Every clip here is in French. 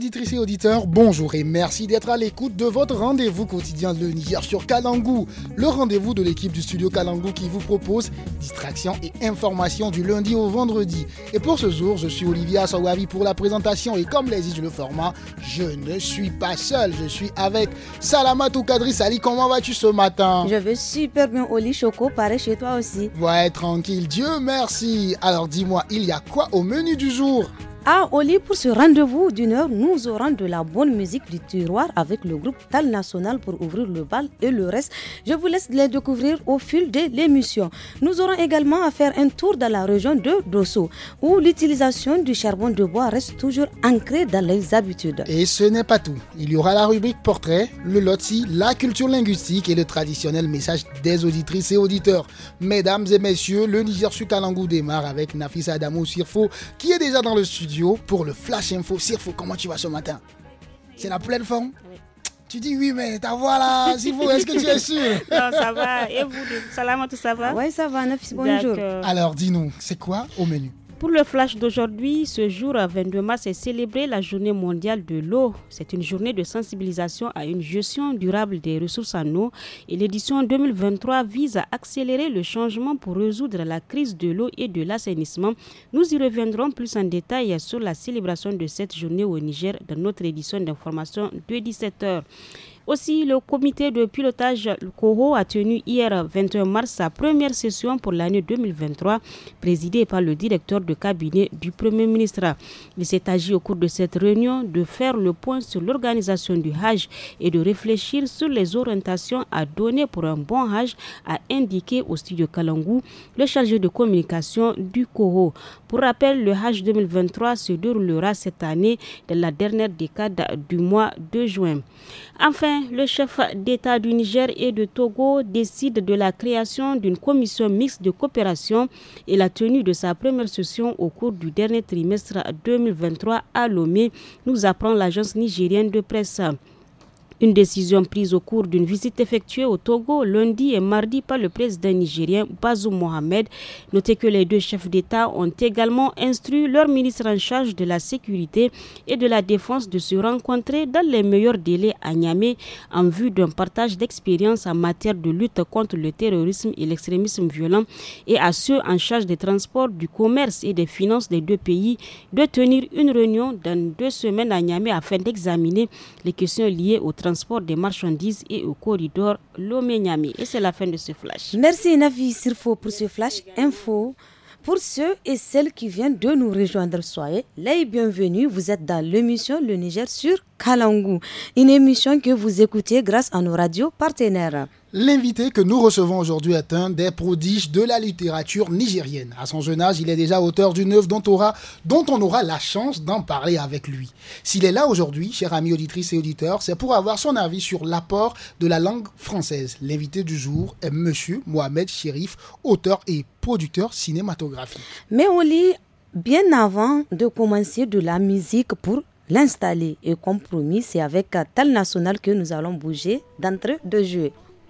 auditrices et auditeurs, bonjour et merci d'être à l'écoute de votre rendez-vous quotidien Le hier sur Kalangou. Le rendez-vous de l'équipe du studio Kalangu qui vous propose distractions et informations du lundi au vendredi. Et pour ce jour, je suis Olivia Sawavi pour la présentation et comme les l'exige le format, je ne suis pas seul, je suis avec Salamatou Kadri Salut, Comment vas-tu ce matin Je vais super bien, Oli Choco, pareil chez toi aussi. Ouais, tranquille, Dieu merci. Alors dis-moi, il y a quoi au menu du jour à ah, Oli, pour ce rendez-vous d'une heure, nous aurons de la bonne musique du tiroir avec le groupe Tal National pour ouvrir le bal et le reste. Je vous laisse les découvrir au fil de l'émission. Nous aurons également à faire un tour dans la région de Dosso, où l'utilisation du charbon de bois reste toujours ancrée dans les habitudes. Et ce n'est pas tout. Il y aura la rubrique portrait, le loti, la culture linguistique et le traditionnel message des auditrices et auditeurs. Mesdames et messieurs, le Niger Sud démarre avec Nafisa Adamo Sirfo, qui est déjà dans le studio pour le Flash Info. Sirfo, comment tu vas ce matin C'est la pleine forme Tu dis oui, mais ta voix là, Sirfo, est-ce que tu es sûr Non, ça va. Et vous, Salam, tout ça va Oui, ça va, Nafis, bonjour. Alors, dis-nous, c'est quoi au menu pour le flash d'aujourd'hui, ce jour euh, 22 mars est célébré la journée mondiale de l'eau. C'est une journée de sensibilisation à une gestion durable des ressources en eau et l'édition 2023 vise à accélérer le changement pour résoudre la crise de l'eau et de l'assainissement. Nous y reviendrons plus en détail sur la célébration de cette journée au Niger dans notre édition d'information de 17h. Aussi, le comité de pilotage COHO a tenu hier 21 mars sa première session pour l'année 2023, présidée par le directeur de cabinet du Premier ministre. Il s'est agi au cours de cette réunion de faire le point sur l'organisation du Hajj et de réfléchir sur les orientations à donner pour un bon Hajj, a indiqué au studio Kalangou le chargé de communication du COHO. Pour rappel, le Hajj 2023 se déroulera cette année dans la dernière décade du mois de juin. Enfin, le chef d'État du Niger et de Togo décide de la création d'une commission mixte de coopération et la tenue de sa première session au cours du dernier trimestre 2023 à Lomé, nous apprend l'agence nigérienne de presse. Une décision prise au cours d'une visite effectuée au Togo lundi et mardi par le président nigérien Bazoum Mohamed. Notez que les deux chefs d'État ont également instruit leur ministre en charge de la sécurité et de la défense de se rencontrer dans les meilleurs délais à Niamey en vue d'un partage d'expériences en matière de lutte contre le terrorisme et l'extrémisme violent et à ceux en charge des transports, du commerce et des finances des deux pays de tenir une réunion dans deux semaines à Niamey afin d'examiner les questions liées au transport transport des marchandises et au corridor Lomé-Niamey. Et c'est la fin de ce flash. Merci Navi Sirfo pour ce flash info. Pour ceux et celles qui viennent de nous rejoindre, soyez les bienvenus. Vous êtes dans l'émission Le Niger sur Kalangou, une émission que vous écoutez grâce à nos radios partenaires. L'invité que nous recevons aujourd'hui est un des prodiges de la littérature nigérienne. À son jeune âge, il est déjà auteur d'une œuvre dont, dont on aura la chance d'en parler avec lui. S'il est là aujourd'hui, chers amis auditrices et auditeurs, c'est pour avoir son avis sur l'apport de la langue française. L'invité du jour est Monsieur Mohamed Chérif, auteur et producteur cinématographique. Mais on lit bien avant de commencer de la musique pour l'installer. Et compromis. c'est avec tel National que nous allons bouger d'entre deux jeux.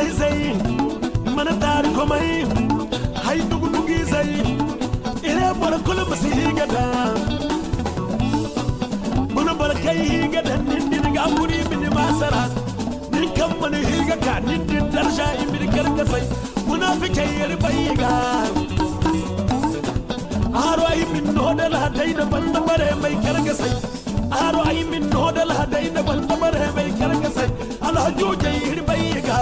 tay say mana tar ko may hay dugu dugi say ere bor ko lo basi gada bunu bor kay gada nin din ga muri bin masara nin kam man higa ka nin din darsha imir kar ka say munafike yar bayiga aro ay min nodal ha dai da banda bare mai kar ka say aro ay min nodal ha dai da banda bare mai kar ka say alhajo jai hirbayiga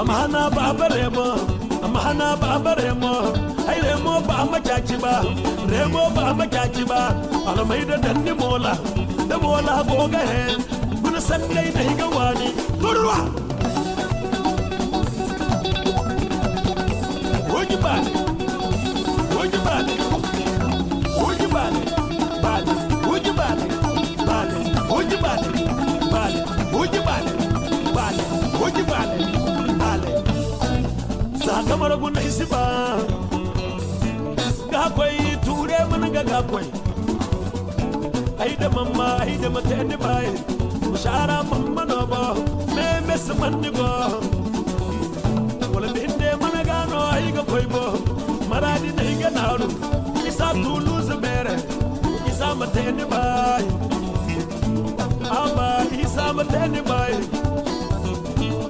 amahana baba remo amahana baba remo ai remo ba makaci ba remo ba makaci ba almai da danni mola da mola boga he kun sannai da higa wani turwa wogi ba wogi akamaro guna isiba gakwai ture mana ga gakwai ai da mamma ai bai mushara mama no ba me mes manni ba wala dinde mana ga no ai ga koi bo maradi nahi ga naru isa tulu zubere isa mata da bai aba isa mata da bai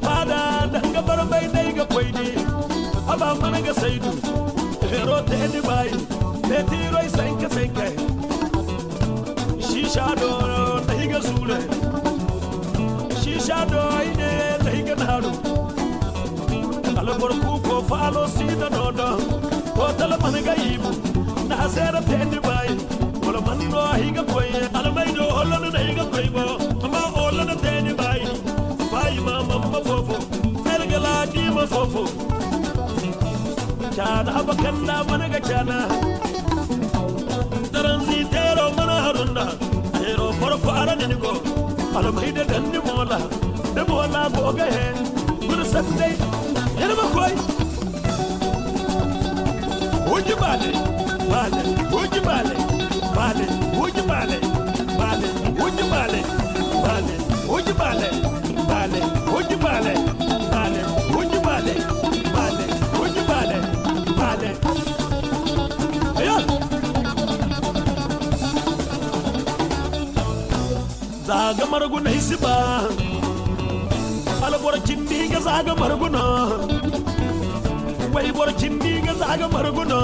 bada danga barbai dai ga koi dai haba mana ga saidu zero ta edi bayi tiro shisha do ta higa sule shisha do ide ta higa ko falo si da ko tala ibu na sera ta edi bayi wala man do higa koy alamai do hollo higa ma mamma fofo ergala ma fofo chana abakalla mana ga chana daranzi tero mana harunda tero porfo arani go almaida danni mola de mola boga he gur sakde irma koy uji bale bale uji bale bale uji bale bale uji bale bale uji bale bale uji bale bale uji bale ga marguna hisiba alborcin di ga zaga marguna wai bor di ga zaga marguna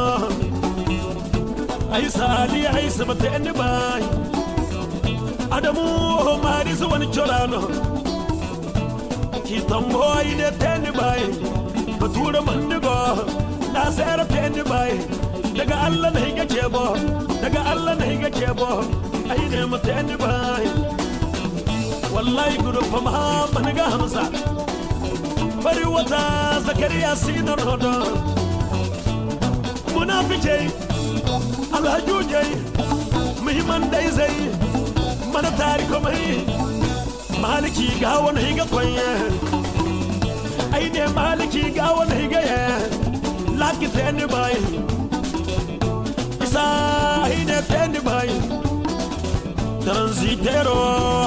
ai sali ai sabte ne bai adamu mari so wan chorano ki tambo ai de tani bai batura mandigo na sera ten bai daga Allah ne yake bo daga Allah ne yake bo ai ne mata ne bai والله قروفمها بنقى همسة فريوتا زكريا سيد الهدى منافجي الهجوجي مهمان دايزي من تاريكم هي مالكي قاون هيقا طوية أين مالكي قاون هيقا لكن تاني باي إسا هيني تاني باي transitero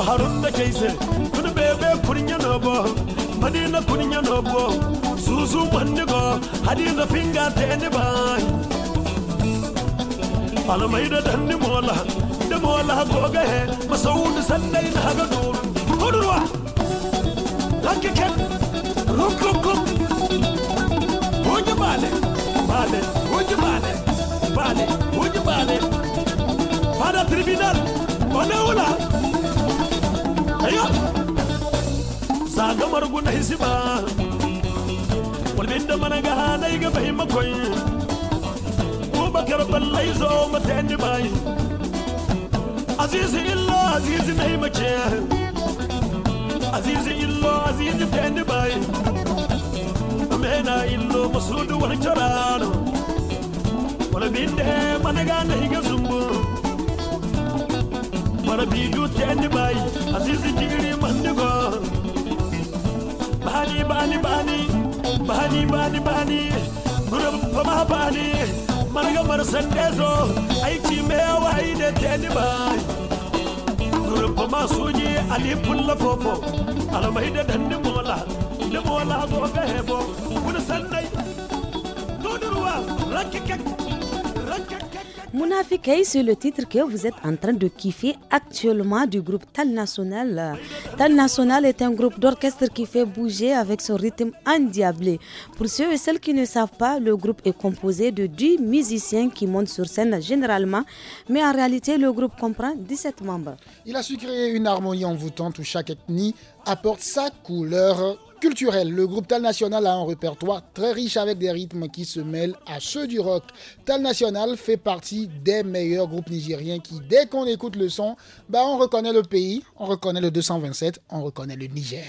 Harunda kaise kun bebe kunya nobo madina kunya nobo suzu mandigo hadina finga tene bai palamaida danni mola de mola goga he masoud sallai na haga dur hurwa lakke ken ruk ruk ruk hoje bale bale hoje bale bale hoje bale para tribunal wanawula ayo saga margu na hisiba walbinda managa hanayga bahima koy ubakar ballayzo matendi bay azizi illo azizi nahima ce azizi illo azizi tendi bay mena illo masudu wani carano walbinde managa nahiga zumburu mara bi du tendi bay azizi jiri mandigo bani bani bani bani bani bani gurum fama bani marga mar sandezo aiki me wai de tendi bay gurum fama suji ali pulla fofo alamai da dandi mola da mola go gahebo kun sandai dodurwa rakikek rakikek Mounafikaï, c'est le titre que vous êtes en train de kiffer actuellement du groupe Tal National. Tal National est un groupe d'orchestre qui fait bouger avec son rythme endiablé. Pour ceux et celles qui ne savent pas, le groupe est composé de 10 musiciens qui montent sur scène généralement, mais en réalité, le groupe comprend 17 membres. Il a su créer une harmonie envoûtante où chaque ethnie apporte sa couleur culturel. Le groupe Tal National a un répertoire très riche avec des rythmes qui se mêlent à ceux du rock. Tal National fait partie des meilleurs groupes nigériens qui, dès qu'on écoute le son, bah on reconnaît le pays, on reconnaît le 227, on reconnaît le Niger.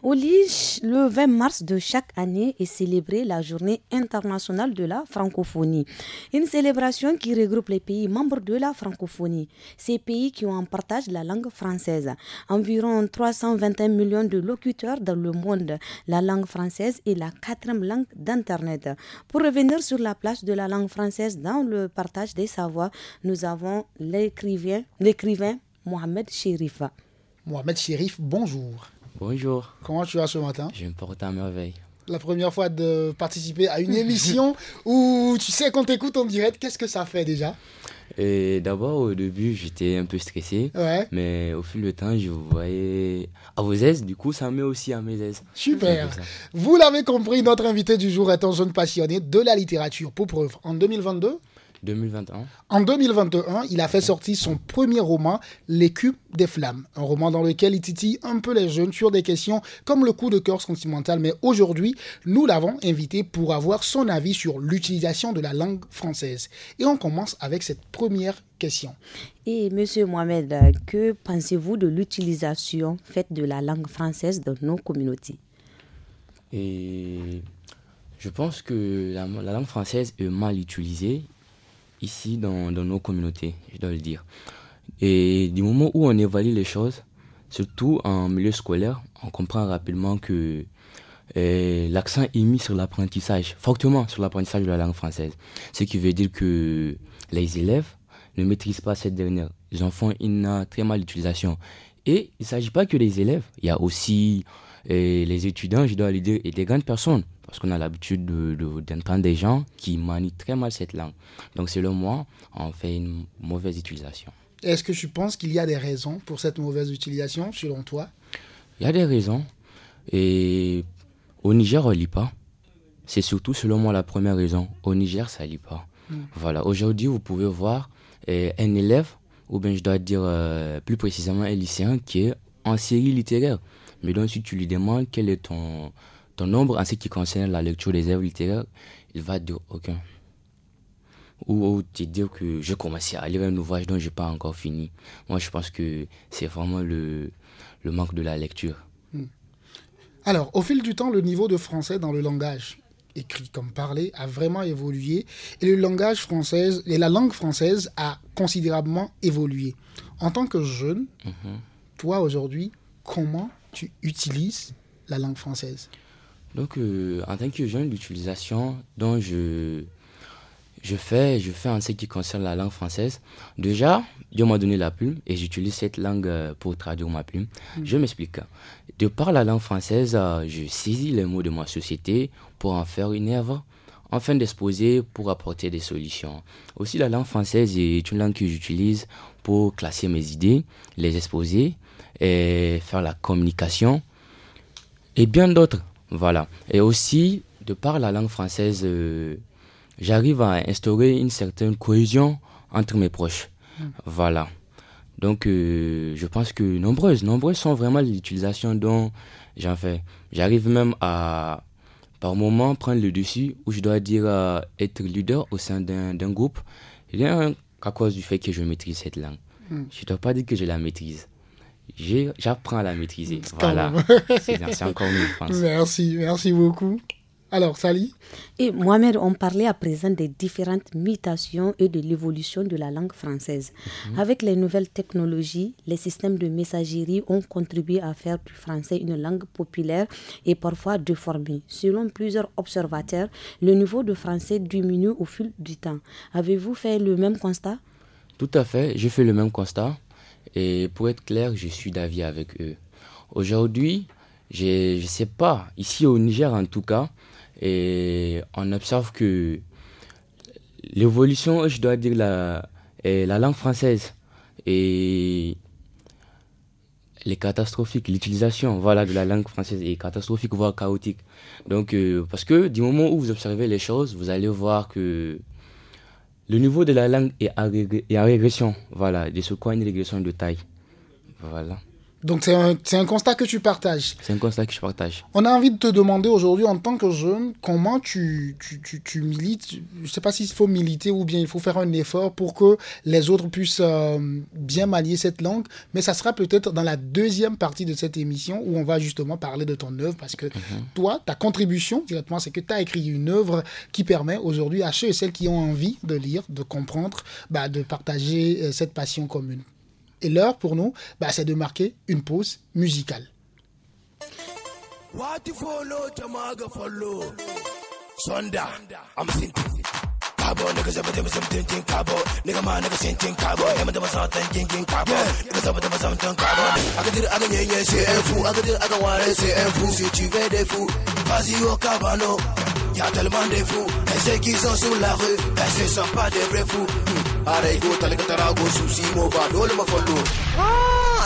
Au le 20 mars de chaque année est célébrée la Journée internationale de la francophonie, une célébration qui regroupe les pays membres de la francophonie, ces pays qui ont en partage la langue française. Environ 321 millions de locuteurs dans le monde, la langue française est la quatrième langue d'Internet. Pour revenir sur la place de la langue française dans le partage des savoirs, nous avons l'écrivain Mohamed Chérif. Mohamed Chérif, bonjour. Bonjour. Comment tu vas ce matin Je me porte à merveille. La première fois de participer à une émission où tu sais qu'on t'écoute en direct, qu'est-ce que ça fait déjà et d'abord, au début, j'étais un peu stressé. Ouais. Mais au fil du temps, je vous voyais à vos aises. Du coup, ça me met aussi à mes aises. Super. Vous l'avez compris, notre invité du jour est un jeune passionné de la littérature. Pour preuve, en 2022, 2021. En 2021, il a fait sortir son premier roman, cubes des flammes, un roman dans lequel il titille un peu les jeunes sur des questions comme le coup de cœur sentimental. Mais aujourd'hui, nous l'avons invité pour avoir son avis sur l'utilisation de la langue française. Et on commence avec cette première question. Et Monsieur Mohamed, que pensez-vous de l'utilisation faite de la langue française dans nos communautés Et je pense que la langue française est mal utilisée ici dans, dans, nos communautés, je dois le dire. Et du moment où on évalue les choses, surtout en milieu scolaire, on comprend rapidement que eh, l'accent est mis sur l'apprentissage, fortement sur l'apprentissage de la langue française. Ce qui veut dire que les élèves ne maîtrisent pas cette dernière. Ils en font une très mal d'utilisation. Et il ne s'agit pas que des élèves, il y a aussi et les étudiants, je dois l'aider et des grandes personnes, parce qu'on a l'habitude d'entendre des gens qui manient très mal cette langue. Donc, selon moi, on fait une mauvaise utilisation. Est-ce que tu penses qu'il y a des raisons pour cette mauvaise utilisation, selon toi Il y a des raisons. Et au Niger, on ne lit pas. C'est surtout, selon moi, la première raison. Au Niger, ça ne lit pas. Hmm. Voilà. Aujourd'hui, vous pouvez voir eh, un élève, ou bien je dois dire euh, plus précisément un lycéen, qui est en série littéraire. Mais donc, si tu lui demandes quel est ton, ton nombre en ce qui concerne la lecture des œuvres littéraires, il va dire aucun. Ou, tu te dire que j'ai commencé à lire un ouvrage dont je n'ai pas encore fini. Moi, je pense que c'est vraiment le, le manque de la lecture. Hmm. Alors, au fil du temps, le niveau de français dans le langage écrit comme parlé a vraiment évolué et le langage française et la langue française a considérablement évolué. En tant que jeune, mhm. toi aujourd'hui, comment tu utilises la langue française Donc, euh, en tant que jeune, d'utilisation, dont je, je, fais, je fais en ce qui concerne la langue française, déjà, Dieu m'a donné la plume et j'utilise cette langue euh, pour traduire ma plume. Mm. Je m'explique. De par la langue française, euh, je saisis les mots de ma société pour en faire une œuvre enfin d'exposer pour apporter des solutions. Aussi, la langue française est une langue que j'utilise pour classer mes idées, les exposer, et faire la communication et bien d'autres. Voilà. Et aussi, de par la langue française, euh, j'arrive à instaurer une certaine cohésion entre mes proches. Hmm. Voilà. Donc, euh, je pense que nombreuses, nombreuses sont vraiment les utilisations dont j'en fais. J'arrive même à, par moment prendre le dessus où je dois dire euh, être leader au sein d'un groupe, rien qu'à cause du fait que je maîtrise cette langue. Hmm. Je ne dois pas dire que je la maîtrise j'apprends à la maîtriser. Voilà, c'est encore mieux, je pense. Merci, merci beaucoup. Alors, Sally Et Mohamed, on parlait à présent des différentes mutations et de l'évolution de la langue française. Mhm. Avec les nouvelles technologies, les systèmes de messagerie ont contribué à faire du français une langue populaire et parfois déformée. Selon plusieurs observateurs, le niveau de français diminue au fil du temps. Avez-vous fait le même constat Tout à fait, j'ai fait le même constat. Et pour être clair, je suis d'avis avec eux. Aujourd'hui, je ne sais pas, ici au Niger en tout cas, et on observe que l'évolution, je dois dire, la, la langue française est les catastrophiques, l'utilisation voilà, de la langue française est catastrophique, voire chaotique. Donc, euh, parce que du moment où vous observez les choses, vous allez voir que le niveau de la langue est, en à régression. Voilà, de ce coin une régression de taille. Voilà. Donc c'est un, constat que tu partages. C'est un constat que je partage. On a envie de te demander aujourd'hui, en tant que jeune, comment tu, milites. Je ne sais pas s'il faut militer ou bien il faut faire un effort pour que les autres puissent euh, bien manier cette langue. Mais ça sera peut-être dans la deuxième partie de cette émission où on va justement parler de ton œuvre parce que mhm. toi, ta contribution directement, c'est que tu as écrit une œuvre qui permet aujourd'hui à ceux et celles qui ont envie de lire, de comprendre, bah, de partager euh, cette passion commune. Et l'heure pour nous, bah, c'est de marquer une pause musicale. tellement des fous, et ceux qui sont sous la rue, ce sont pas des vrais fous. Hmm. Aare goota laga taraa goosuu siimoofa dooluma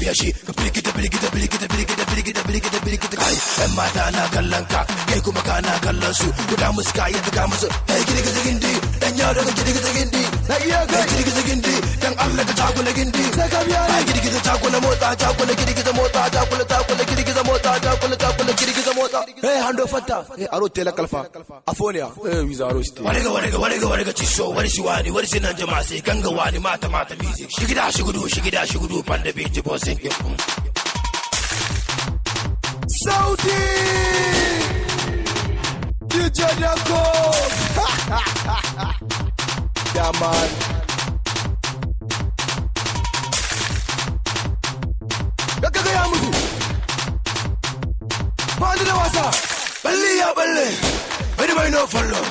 wuya shi ka birkita birkita birkita birkita birkita birkita birkita kai yan mata na kallon ka kai kuma kana kallon su guda muska ya tuka musu kai girgiza zigindi dan yaro ka gindi, na iya kai girgiza zigindi dan Allah ka takula gindi sai ka biya ni girgiza na motsa takula girgiza motsa takula takula girgiza motsa takula takula girgiza motsa eh hando fatta aro tela kalfa afonia eh wiza aro sti warega warega warega warega ciso warisi wani warisi nan jama'a sai wani mata mata music shigida shigudu shigida shigudu panda beat take your own. Saudi! DJ Dako! yeah, man. Daga gaya mutu. Bani da wasa. Balle ya balle. Bani bai no follow.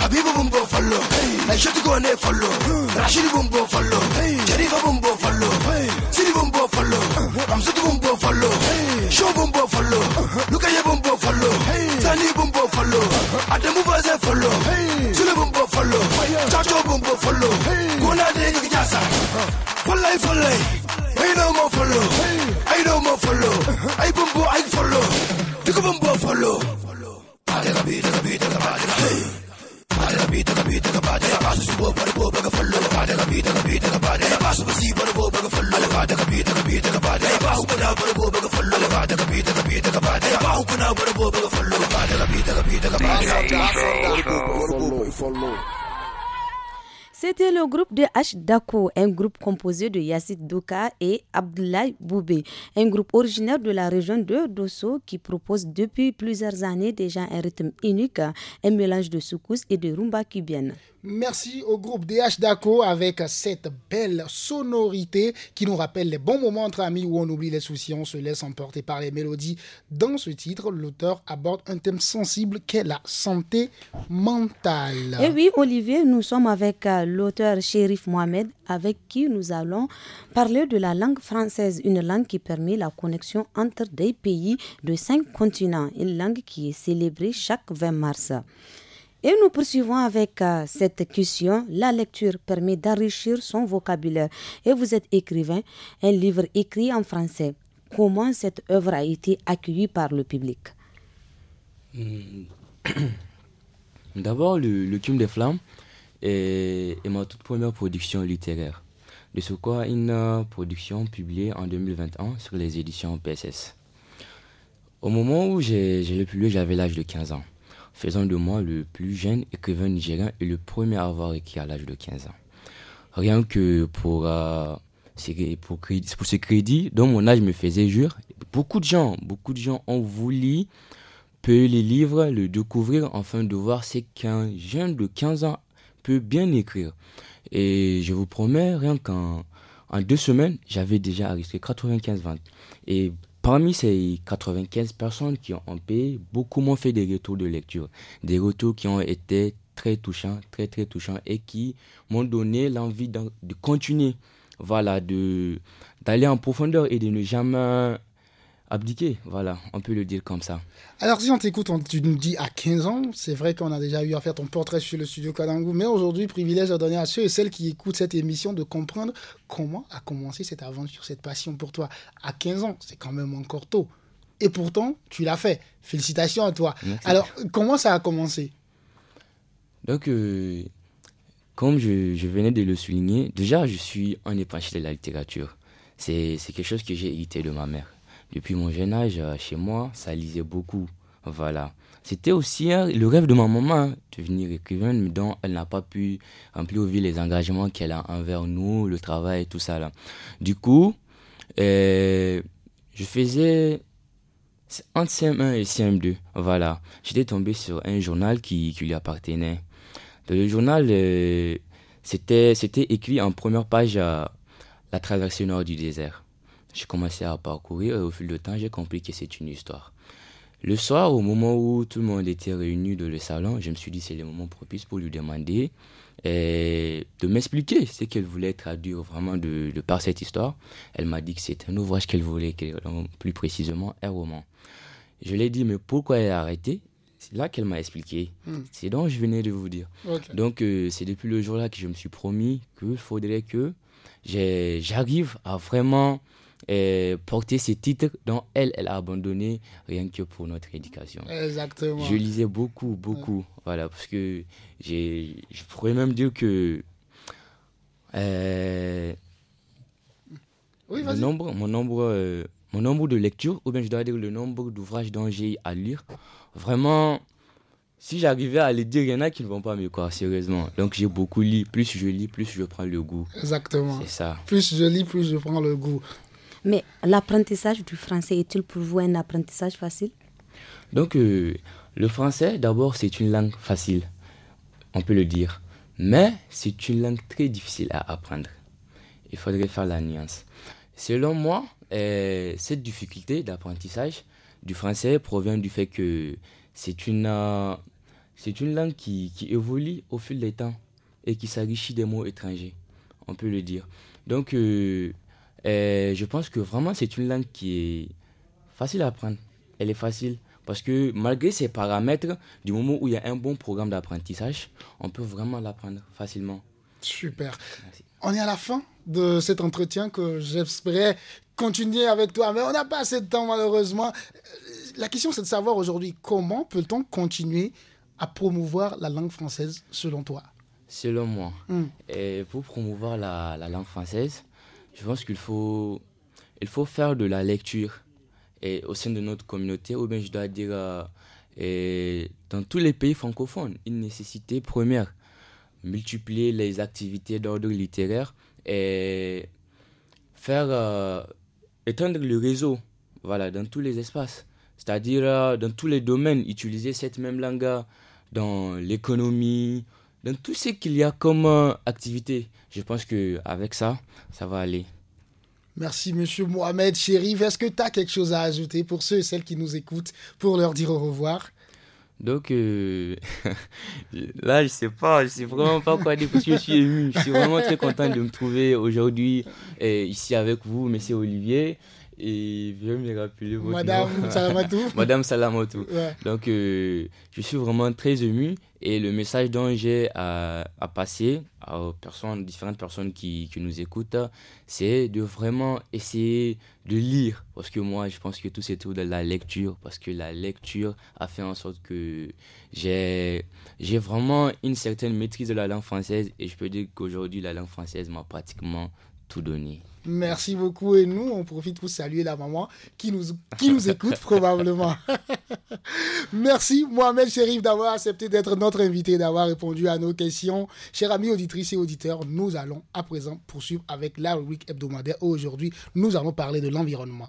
Habibu bumbo follow. Aisha tuko ne follow. Rashid bumbo follow. Jarifa bumbo Show Bumbo follow, Look at follow, Zani Bumbo Tani boom follow, At the move a follow. Sulu boom follow, Chacho Bumbo follow, Gona de Nukijasa. Follow, follow. C'était le groupe de H Dako, un groupe composé de Yassid Doka et Abdoulaye Boubé, un groupe originaire de la région de Dosso qui propose depuis plusieurs années déjà un rythme unique, un mélange de soukous et de rumba cubienne. Merci au groupe DH Daco avec cette belle sonorité qui nous rappelle les bons moments entre amis où on oublie les soucis, on se laisse emporter par les mélodies. Dans ce titre, l'auteur aborde un thème sensible qu'est la santé mentale. Et eh oui, Olivier, nous sommes avec euh, l'auteur Shérif Mohamed avec qui nous allons parler de la langue française, une langue qui permet la connexion entre des pays de cinq continents, une langue qui est célébrée chaque 20 mars. Et nous poursuivons avec euh, cette question. La lecture permet d'enrichir son vocabulaire. Et vous êtes écrivain, un livre écrit en français. Comment cette œuvre a été accueillie par le public hmm. D'abord, le, le des Flammes est, ma toute première production littéraire. De ce quoi, une euh, production publiée en 2021 sur les éditions PSS. Au moment où j'ai le publié, j'avais l'âge de 15 ans faisant de moi le plus jeune écrivain nigérian et le premier à avoir écrit à l'âge de 15 ans. Rien que pour, euh, ces pour, ce crédit, dont mon âge me faisait jure, beaucoup de gens, beaucoup de gens ont voulu payer les livres, le découvrir, enfin de voir ce qu'un jeune de 15 ans peut bien écrire. Et je vous promets, rien qu'en deux semaines, j'avais déjà arrêté 95 ventes. Et Parmi ces 95 personnes qui ont payé, beaucoup m'ont fait des retours de lecture, des retours qui ont été très touchants, très très touchants et qui m'ont donné l'envie de, continuer, voilà, de d'aller en profondeur et de ne jamais abdiquer, voilà, on peut le dire comme ça. Alors si on t'écoute, tu nous dis à 15 ans, c'est vrai qu'on a déjà eu à faire ton portrait sur le studio Kalangu, mais aujourd'hui, privilège de donner à ceux et celles qui écoutent cette émission de comprendre comment a commencé cette aventure, cette passion pour toi. À 15 ans, c'est quand même encore tôt. Et pourtant, tu l'as fait. Félicitations à toi. Alors, comment ça a commencé Donc, euh, comme je, venais de le souligner, déjà, je suis un épanché de la littérature. C'est quelque chose que j'ai hérité de ma mère depuis mon jeune âge, euh, chez moi, ça lisait beaucoup. Voilà. C'était aussi hein, le rêve de ma maman, hein, de devenir écrivaine, mais dont elle n'a pas pu remplir au vu les engagements qu'elle a envers nous, le travail, tout ça. Là. Du coup, euh, je faisais entre CM1 et CM2. Voilà. J'étais tombé sur un journal qui, lui appartenait. Dans le journal, euh, c'était écrit en première page La traversée nord du désert. J'ai commencé à parcourir et au fil du temps, j'ai compris que c'est une histoire. Le soir, au moment où tout le monde était réuni dans le salon, je me suis dit c'est le moment propice pour lui demander et eh, de m'expliquer ce qu'elle voulait traduire vraiment de, par cette histoire. Elle m'a dit que c'était un ouvrage qu'elle voulait, euh, plus précisément un roman. Je lui ai dit mais pourquoi elle a arrêté C'est là qu'elle m'a expliqué. Hmm. C'est donc je venais de vous dire. Donc euh, c'est depuis le jour-là que je me suis promis qu'il faudrait que j'arrive à vraiment euh, porter ses titres dont elle, elle a abandonné rien que pour notre éducation. Exactement. Je lisais beaucoup, beaucoup. Voilà, parce que je pourrais même dire que. Euh, oui, mon nombre, mon nombre, euh, mon nombre de lectures, ou bien je dois dire le nombre d'ouvrages dont j'ai à lire, vraiment, si j'arrivais à les dire, il y en a qui ne vont pas me quoi sérieusement. Donc j'ai beaucoup lu. Plus je lis, plus je prends le goût. Exactement. C'est ça. Plus je lis, plus je prends le goût. Mais l'apprentissage du français est-il pour vous un apprentissage facile Donc, euh, le français, d'abord, c'est une langue facile, on peut le dire. Mais c'est une langue très difficile à apprendre. Il faudrait faire la nuance. Selon moi, eh, cette difficulté d'apprentissage du français provient du fait que c'est une, euh, c'est une langue qui, qui évolue au fil des temps et qui s'enrichit des mots étrangers, on peut le dire. Donc, euh, je pense que vraiment, c'est une langue qui est facile à apprendre. Elle est facile. Parce que malgré ses paramètres, du moment où il y a un bon programme d'apprentissage, on peut vraiment l'apprendre facilement. Super. On est à la fin de cet entretien que j'espérais continuer avec toi, mais on n'a pas assez de temps malheureusement. La question c'est de savoir aujourd'hui comment peut-on continuer à promouvoir la langue française selon toi Selon moi, hmm. pour promouvoir la langue française, je pense qu'il faut, il faut faire de la lecture et au sein de notre communauté, ou bien je dois dire euh, et dans tous les pays francophones, une nécessité première, multiplier les activités d'ordre littéraire et faire euh, étendre le réseau voilà, dans tous les espaces, c'est-à-dire euh, dans tous les domaines, utiliser cette même langue dans l'économie, dans tout ce qu'il y a comme euh, activité, je pense qu'avec ça, ça va aller. Merci, monsieur Mohamed Chérif. Est-ce que tu as quelque chose à ajouter pour ceux et celles qui nous écoutent pour leur dire au revoir donc euh, là, je sais pas, je sais vraiment pas quoi dire parce que je suis ému. Je suis vraiment très content de me trouver aujourd'hui euh, ici avec vous, monsieur Olivier et je me rappeler Madame Salamatou. Madame Salamatou. Donc, euh, je suis vraiment très ému et le message dont j'ai à, passer aux personnes, différentes personnes qui, nous écoutent, c'est de vraiment essayer de lire. Parce que moi, je pense que tout c'est tout de la lecture. Parce que la lecture a fait en sorte que j'ai vraiment une certaine maîtrise de la langue française. Et je peux dire qu'aujourd'hui, la langue française m'a pratiquement tout Merci beaucoup. Et nous, on profite pour saluer la maman qui nous, nous écoute probablement. Merci, Mohamed Chérif, d'avoir accepté d'être notre invité, d'avoir répondu à nos questions. Chers amis auditrices et auditeurs, nous allons à présent poursuivre avec la rubrique hebdomadaire. Aujourd'hui, nous allons parler de l'environnement.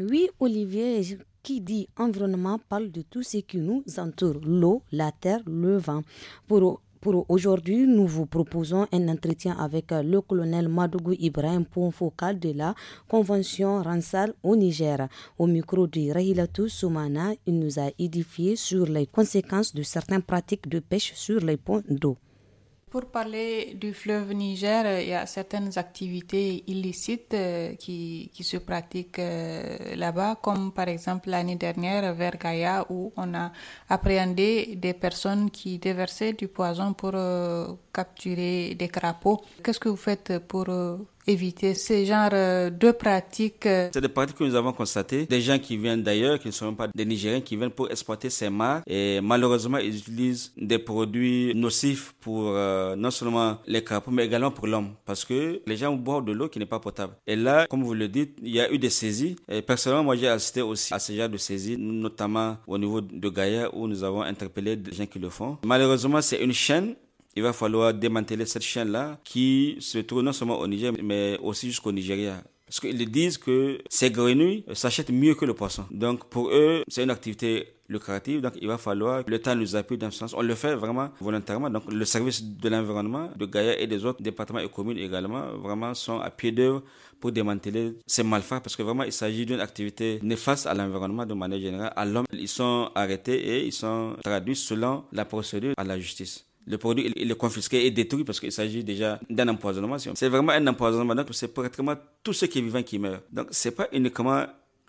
Oui, Olivier, qui dit environnement parle de tout ce qui nous entoure, l'eau, la terre, le vent. Pour pour aujourd'hui, nous vous proposons un entretien avec euh, le colonel Madougou Ibrahim, pont focal de la Convention Ransal au Niger. Au micro de Rahilatou Soumana, il nous a édifié sur les conséquences de certaines pratiques de pêche sur les ponts d'eau. Pour parler du fleuve Niger, il y a certaines activités illicites euh, qui, se pratiquent euh, là-bas, comme par exemple l'année dernière vers Gaïa où on a appréhendé des personnes qui déversaient du poison pour euh, capturer des crapauds. Qu'est-ce que vous faites pour éviter ce genre euh, de pratiques. Euh. C'est des pratiques que nous avons constatées. Des gens qui viennent d'ailleurs, qui ne sont même pas des Nigériens, qui viennent pour exporter ces marques. Et malheureusement, ils utilisent des produits nocifs pour euh, non seulement les crapauds, mais également pour l'homme. Parce que les gens boivent de l'eau qui n'est pas potable. Et là, comme vous le dites, il y a eu des saisies. Et personnellement, moi, j'ai assisté aussi à ce genre de saisies, notamment au niveau de Gaïa, où nous avons interpellé des gens qui le font. Malheureusement, c'est une chaîne il va falloir démanteler cette chaîne-là qui se trouve non seulement au Niger, mais aussi jusqu'au Nigeria. Parce qu'ils disent que ces grenouilles s'achètent mieux que le poisson. Donc pour eux, c'est une activité lucrative, donc il va falloir le temps nous appuie dans ce sens. On le fait vraiment volontairement. Donc le service de l'environnement de Gaïa et des autres départements et communes également, vraiment sont à pied d'œuvre pour démanteler ces malfaits parce que vraiment il s'agit d'une activité néfaste à l'environnement de manière générale, à l'homme. Ils sont arrêtés et ils sont traduits selon la procédure à la justice le produit il est confisqué et détruit parce qu'il s'agit déjà d'un empoisonnement. C'est vraiment un empoisonnement, donc c'est pratiquement tout ce qui est vivant qui meurt. Donc c'est pas uniquement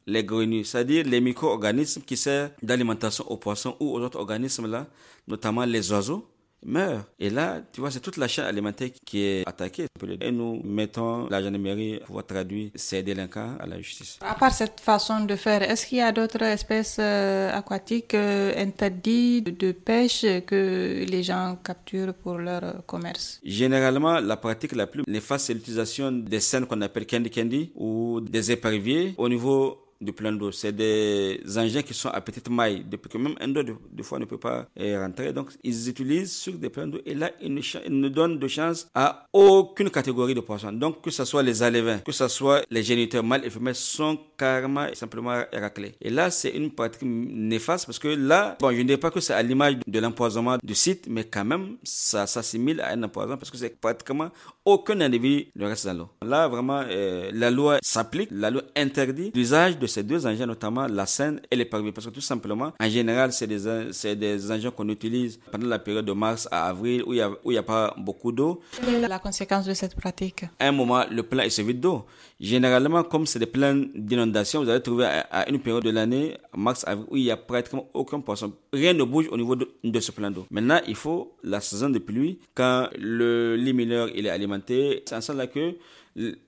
les grenouilles, c'est-à-dire les micro-organismes qui servent d'alimentation aux poissons ou aux autres organismes là, notamment les oiseaux meurent. Et là, tu vois, c'est toute la chaîne alimentaire qui est attaquée. Et nous mettons la mairie pour traduire ces délinquants à la justice. À part cette façon de faire, est-ce qu'il y a d'autres espèces euh, aquatiques euh, interdites de pêche que les gens capturent pour leur euh, commerce Généralement, la pratique la plus néfaste, c'est l'utilisation des scènes qu'on appelle candy candy ou des éperviers au niveau de plein d'eau. C'est des engins qui sont à petite maille, depuis que même un dos de, fois ne peut pas euh, rentrer. Donc, ils utilisent sur des pleins d'eau et là, ils ne, donnent de chance à aucune catégorie de poissons. Donc, que ce soit les alevins, que ce soit les géniteurs mâles et femelles sont carrément et simplement raclés. Et là, c'est une pratique néfaste parce que là, bon, je ne dis pas que c'est à l'image de l'empoisonnement du site, mais quand même, ça s'assimile à un empoisonnement parce que c'est pratiquement aucun individu ne reste dans l'eau. Là, vraiment, euh, la loi s'applique, la loi interdit l'usage de ces deux engins, notamment la scène et les parvis. Parce que tout simplement, en général, c'est des, des engins qu'on utilise pendant la période de mars à avril où il n'y a, a, pas beaucoup d'eau. la conséquence de cette pratique À un moment, le plan est vide d'eau. Généralement, comme c'est des plans d'inondation, vous allez trouver à, une période de l'année, mars, avril, où il n'y a pratiquement aucun poisson. Rien ne bouge au niveau de, ce plan d'eau. Maintenant, il faut la saison de pluie. Quand le lit mineur il est alimenté, c'est en sens-là que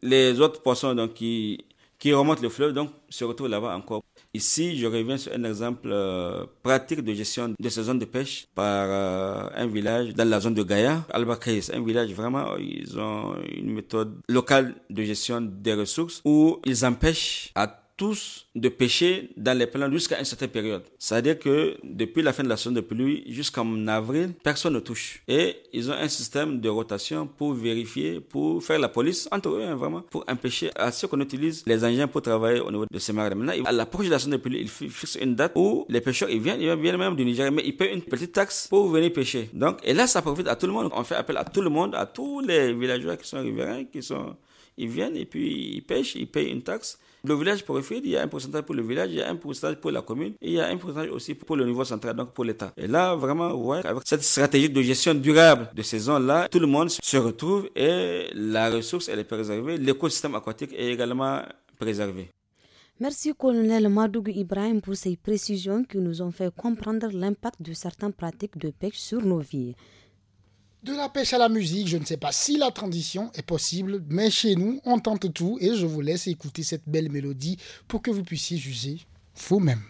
les autres poissons donc, qui qui le fleuve, donc se retrouve là-bas encore. Ici, je reviens sur un exemple euh, pratique de gestion de ces zones de pêche par euh, un village dans la zone de Gaïa, Albacais, un village vraiment, ils ont une méthode locale de gestion des ressources où ils empêchent à tous de pêcher dans les plans jusqu'à une certaine période. C'est-à-dire que depuis la fin de la saison de pluie jusqu'en avril, personne ne touche. Et ils ont un système de rotation pour vérifier, pour faire la police entre eux, hein, vraiment, pour empêcher à ceux qu'on utilise les engins pour travailler au niveau de ces marais. Maintenant, à l'approche de la saison de pluie, ils fixent une date où les pêcheurs, ils viennent, ils viennent même du Niger, mais ils paient une petite taxe pour venir pêcher. Donc, et là, ça profite à tout le monde. On fait appel à tout le monde, à tous les villageois qui sont riverains, qui sont, ils viennent et puis ils pêchent, ils payent une taxe le village profite, il y a un pourcentage pour le village, il y a un pourcentage pour la commune, et il y a un pourcentage aussi pour le niveau central, donc pour l'État. Et là, vraiment, ouais, avec cette stratégie de gestion durable de ces zones-là, tout le monde se retrouve et la ressource, elle est préservée, l'écosystème aquatique est également préservé. Merci colonel Madougou Ibrahim pour ces précisions qui nous ont fait comprendre l'impact de certaines pratiques de pêche sur nos vies de la pêche à la musique. Je ne sais pas si la transition est possible, mais chez nous, on tente tout et je vous laisse écouter cette belle mélodie pour que vous puissiez juger vous-même.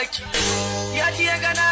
Yeah, ya ce gonna.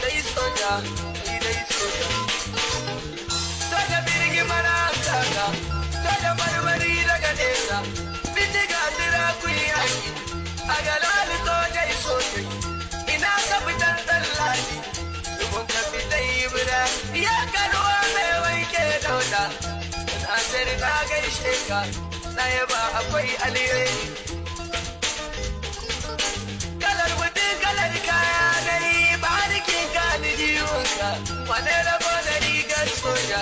dai soja ni soja soja birgin soja marmari daga nesa bindiga tira ku yi haki a soja ina ka fitan tallafi dubun ka fitan yi bura ya karuwa mai wanke dauda na sani na gaishe ka na yaba akwai alheri kalar mutum kalar kaya soja wane rabo da rigar soja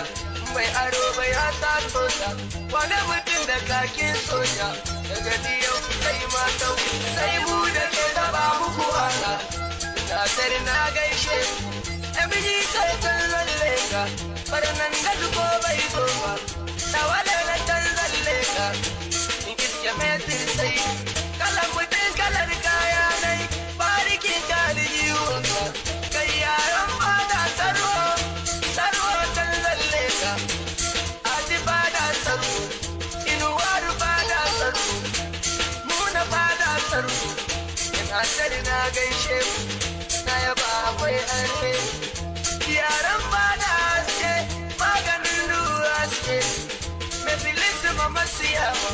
mai aro bai hasa soja wane mutum da kakin soja daga yau sai mata sai mu da ke taba muku wasa tasar na gaishe ku emiji sai kallon leka farnan da zuko bai goma tawale na canzan leka in kiske metin sai kalamu tawa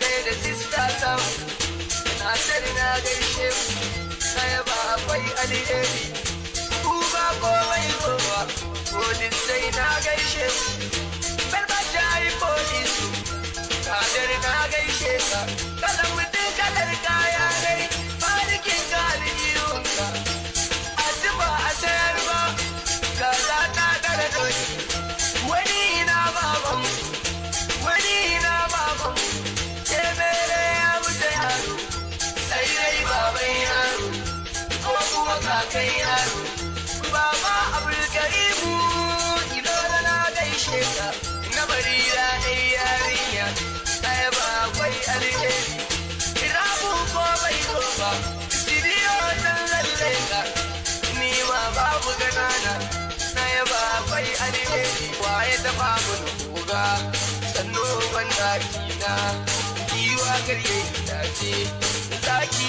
gai da sista tawa na tari na gaishe ku na akwai alheri ku ba komai kowa polis sai na gaishe ku barbaja yi polisu kadar na gaishe ka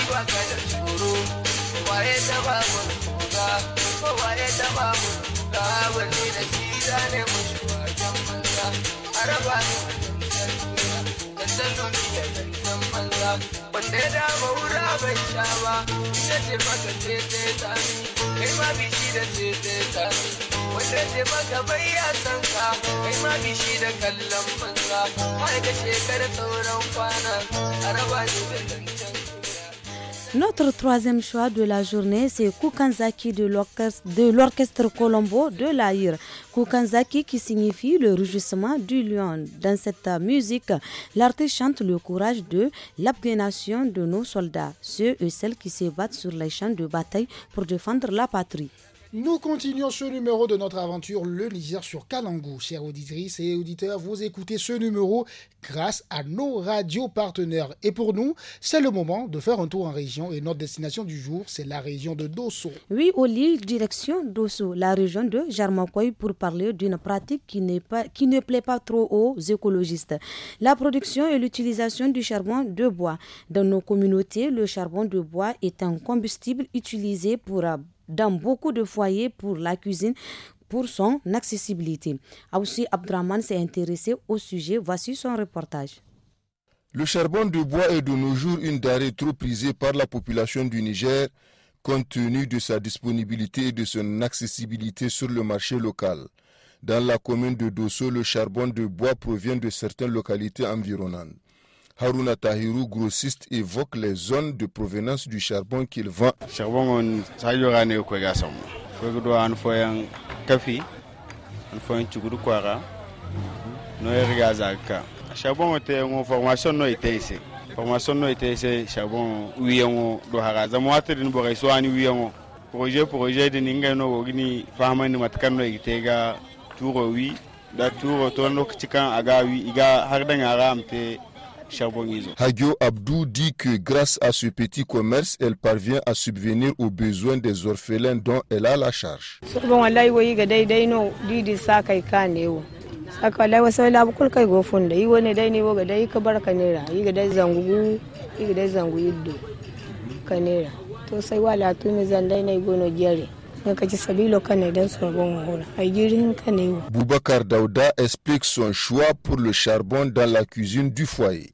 baka da tsoro waye da babu ruga Notre troisième choix de la journée, c'est Kukanzaki de l'orchestre Colombo de l'Aïr. Kukanzaki qui signifie le rugissement du lion. Dans cette musique, l'artiste chante le courage de l'abnégation de nos soldats, ceux et celles qui se battent sur les champs de bataille pour défendre la patrie. Nous continuons ce numéro de notre aventure Le liseur sur Kalangou. Chers auditrices et auditeurs, vous écoutez ce numéro grâce à nos radios partenaires. Et pour nous, c'est le moment de faire un tour en région et notre destination du jour, c'est la région de Dosso. Oui, au lit, direction Dosso, la région de Jarmakoy pour parler d'une pratique qui, pas, qui ne plaît pas trop aux écologistes. La production et l'utilisation du charbon de bois. Dans nos communautés, le charbon de bois est un combustible utilisé pour euh, dans beaucoup de foyers pour la cuisine pour son accessibilité. Aussi, Abdraman s'est intéressé au sujet. Voici son reportage. Le charbon de bois est de nos jours une denrée trop prisée par la population du Niger compte tenu de sa disponibilité et de son accessibilité sur le marché local. Dans la commune de Dosso, le charbon de bois provient de certaines localités environnantes. Haruna Tahiru grossiste, évoque les zones de provenance du charbon qu'il vend. Charbon, ça y aura une coagulation. an foyan kafi an foyan cugudu kwara no ya gazaka. Charbon shabon wata formation no ita ici. formation no ita ici. Charbon oui on do hara zama wata ani wiyan projet projet de n'inga no ogini gini ni matkan no itega ga da turo to no cikan aga oui. iga Hagio Abdou dit que grâce à ce petit commerce, elle parvient à subvenir aux besoins des orphelins dont elle a la charge. explique son choix pour le charbon dans la cuisine du foyer.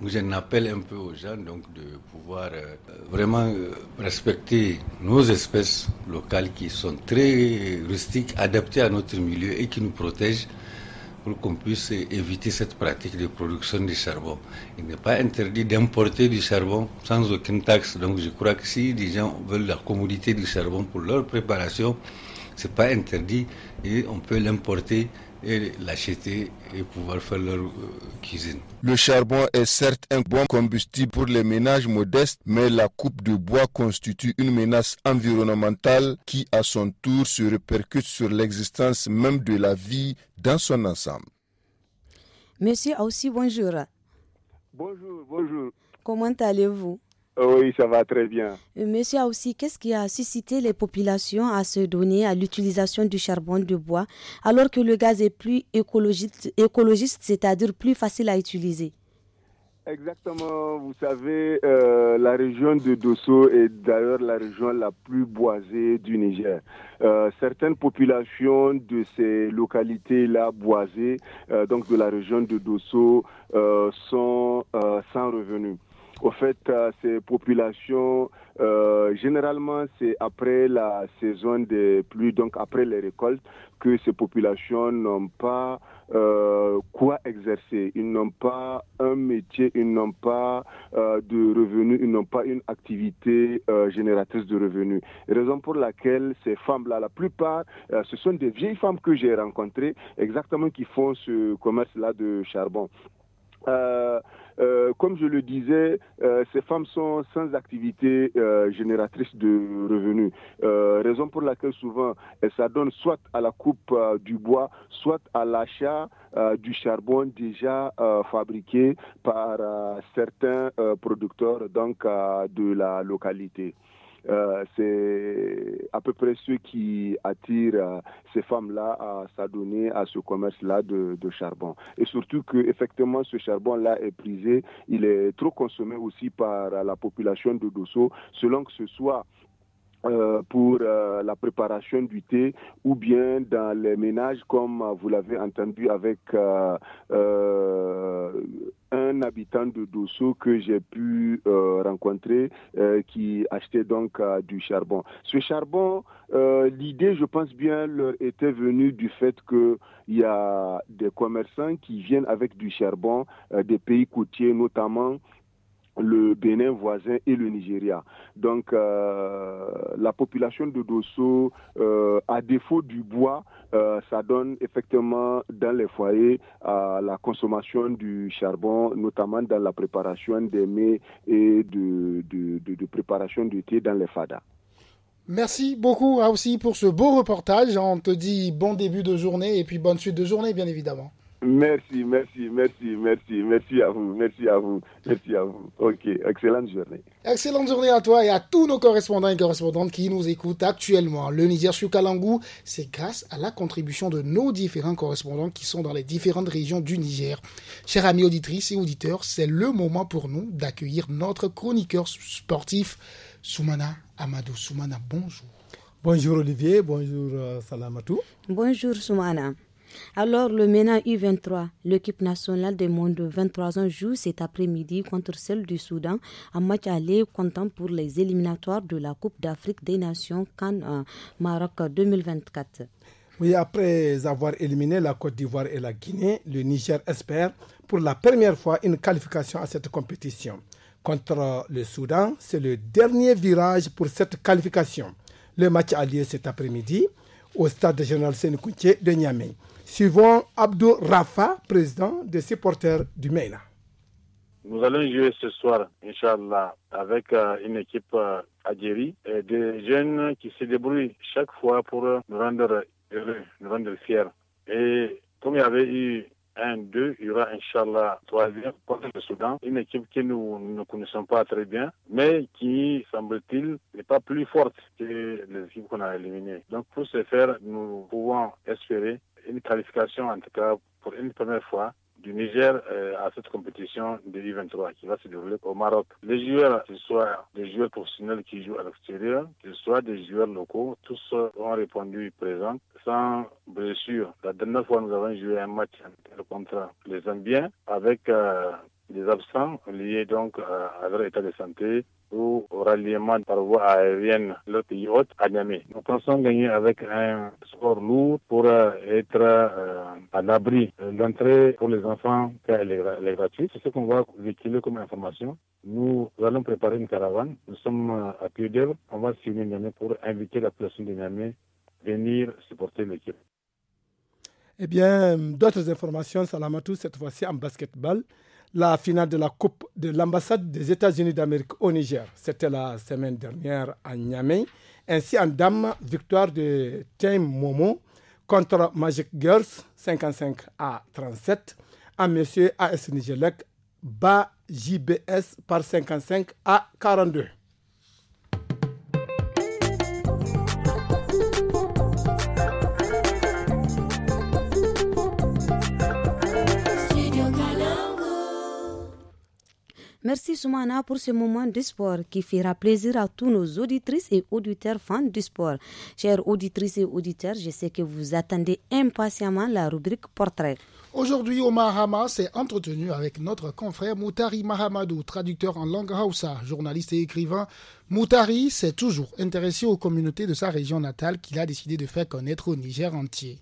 Nous, un appelle un peu aux gens donc de pouvoir euh, vraiment euh, respecter nos espèces locales qui sont très rustiques, adaptées à notre milieu et qui nous protègent pour qu'on puisse éviter cette pratique de production de charbon. Il n'est pas interdit d'importer du charbon sans aucune taxe. Donc je crois que si les gens veulent la commodité du charbon pour leur préparation, c'est pas interdit et on peut l'importer et l'acheter et pouvoir faire leur euh, cuisine. Le charbon est certes un bon combustible pour les ménages modestes, mais la coupe de bois constitue une menace environnementale qui, à son tour, se répercute sur l'existence même de la vie dans son ensemble. Monsieur aussi bonjour. Bonjour, bonjour. Comment allez-vous oui, ça va très bien. Euh, monsieur aussi, qu'est-ce qui a suscité les populations à se donner à l'utilisation du charbon de bois alors que le gaz est plus écologiste, c'est-à-dire plus facile à utiliser Exactement, vous savez, euh, la région de Dosso est d'ailleurs la région la plus boisée du Niger. Euh, certaines populations de ces localités-là boisées, donc de la région de Dosso, sont sans revenus. Au fait, euh, ces populations, euh, généralement, c'est après la saison des pluies, donc après les récoltes, que ces populations n'ont pas euh, quoi exercer. Ils n'ont pas un métier, ils n'ont pas de revenus, ils n'ont pas une activité génératrice de revenus. Raison pour laquelle ces femmes-là, la plupart, ce sont des vieilles femmes que j'ai rencontrées, exactement qui font ce commerce-là de charbon comme je le disais, euh, ces femmes sont sans activité euh, génératrice de revenus. Euh, raison pour laquelle souvent elles s'adonnent soit à la coupe du bois, soit à l'achat du charbon déjà fabriqué par certains producteurs donc, de la localité. Euh, c'est à peu près ce qui attire euh, ces femmes-là à s'adonner à ce commerce-là de, de, charbon. Et surtout que effectivement ce charbon-là est prisé, il est trop consommé aussi par la population de Dosso, selon que ce soit euh, pour euh, la préparation du thé ou bien dans les ménages comme euh, vous l'avez entendu avec un habitant de Dosso que j'ai pu rencontrer qui achetait donc du charbon. Ce charbon, l'idée, je pense bien, leur était venue du fait qu'il y a des commerçants qui viennent avec du charbon des pays côtiers, notamment le Bénin voisin et le Nigeria. Donc euh, la population de Dosso, euh, à défaut du bois, euh, ça donne effectivement dans les foyers à la consommation du charbon, notamment dans la préparation des mets et de, préparation du thé dans les fadas. Merci beaucoup aussi pour ce beau reportage. On te dit bon début de journée et puis bonne suite de journée, bien évidemment. Merci, merci, merci, merci, merci à vous, merci à vous, merci à vous. Ok, excellente journée. Excellente journée à toi et à tous nos correspondants et correspondantes qui nous écoutent actuellement. Le Niger sur c'est grâce à la contribution de nos différents correspondants qui sont dans les différentes régions du Niger. Chers amis auditrices et auditeurs, c'est le moment pour nous d'accueillir notre chroniqueur sportif, Soumana Amadou. Soumana, bonjour. Bonjour Olivier, bonjour euh, Salamatou. Bonjour Soumana. Alors, le MENA U23, l'équipe nationale des mondes de 23 ans, joue cet après-midi contre celle du Soudan un match aller comptant pour les éliminatoires de la Coupe d'Afrique des Nations Cannes euh, Maroc 2024. Oui, après avoir éliminé la Côte d'Ivoire et la Guinée, le Niger espère pour la première fois une qualification à cette compétition. Contre euh, le Soudan, c'est le dernier virage pour cette qualification. Le match a lieu cet après-midi au stade général Sénécoutier de Niamey suivant Abdou Rafa, président des supporters du MENA. Nous allons jouer ce soir, Inch'Allah, avec euh, une équipe euh, et des jeunes qui se débrouillent chaque fois pour euh, nous rendre heureux, nous rendre fiers. Et comme il y avait eu un, deux, il y aura Inch'Allah troisième contre le Soudan, une équipe que nous ne connaissons pas très bien, mais qui, semble-t-il, n'est pas plus forte que les équipes qu'on a éliminées. Donc pour ce faire, nous pouvons espérer une qualification, en tout cas pour une première fois, du Niger euh, à cette compétition de 23 qui va se dérouler au Maroc. Les joueurs, ce soit des joueurs professionnels qui jouent à l'extérieur, que ce soit des joueurs locaux, tous ont répondu présents sans blessure. La dernière fois, nous avons joué un match contre les Zambiens avec euh, des absents liés donc à leur état de santé ou au ralliement par voie aérienne leur pays hôte à Niamey. Nous pensons gagner avec un score lourd pour euh, être euh, à l'abri. L'entrée pour les enfants, elle est, gratuite. C'est ce qu'on va véhiculer comme information. Nous allons préparer une caravane. Nous sommes euh, à pied On va signer Niamey pour inviter la population de Niamey à venir supporter l'équipe. Eh bien, d'autres informations, Salamatou, cette fois-ci en basketball la finale de la Coupe de l'ambassade des États-Unis d'Amérique au Niger. C'était la semaine dernière à Niamey. Ainsi, en dame, victoire de Tim Momo contre Magic Girls 55 à 37. à monsieur AS Nigelec, bas JBS par 55 à 42. Merci Soumana pour ce moment de sport qui fera plaisir à tous nos auditrices et auditeurs fans du sport. Chères auditrices et auditeurs, je sais que vous attendez impatiemment la rubrique portrait. Aujourd'hui, Omar Hama s'est entretenu avec notre confrère Moutari Mahamadou, traducteur en langue Hausa, journaliste et écrivain. Moutari s'est toujours intéressé aux communautés de sa région natale qu'il a décidé de faire connaître au Niger entier.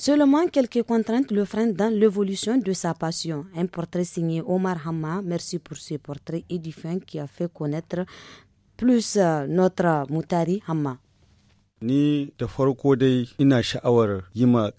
Seulement quelques contraintes le freinent dans l'évolution de sa passion. Un portrait signé Omar Hamma, merci pour ce portrait édifiant qui a fait connaître plus euh, notre Moutari Hamma. Ni da farko dai ina sha'awar yi ma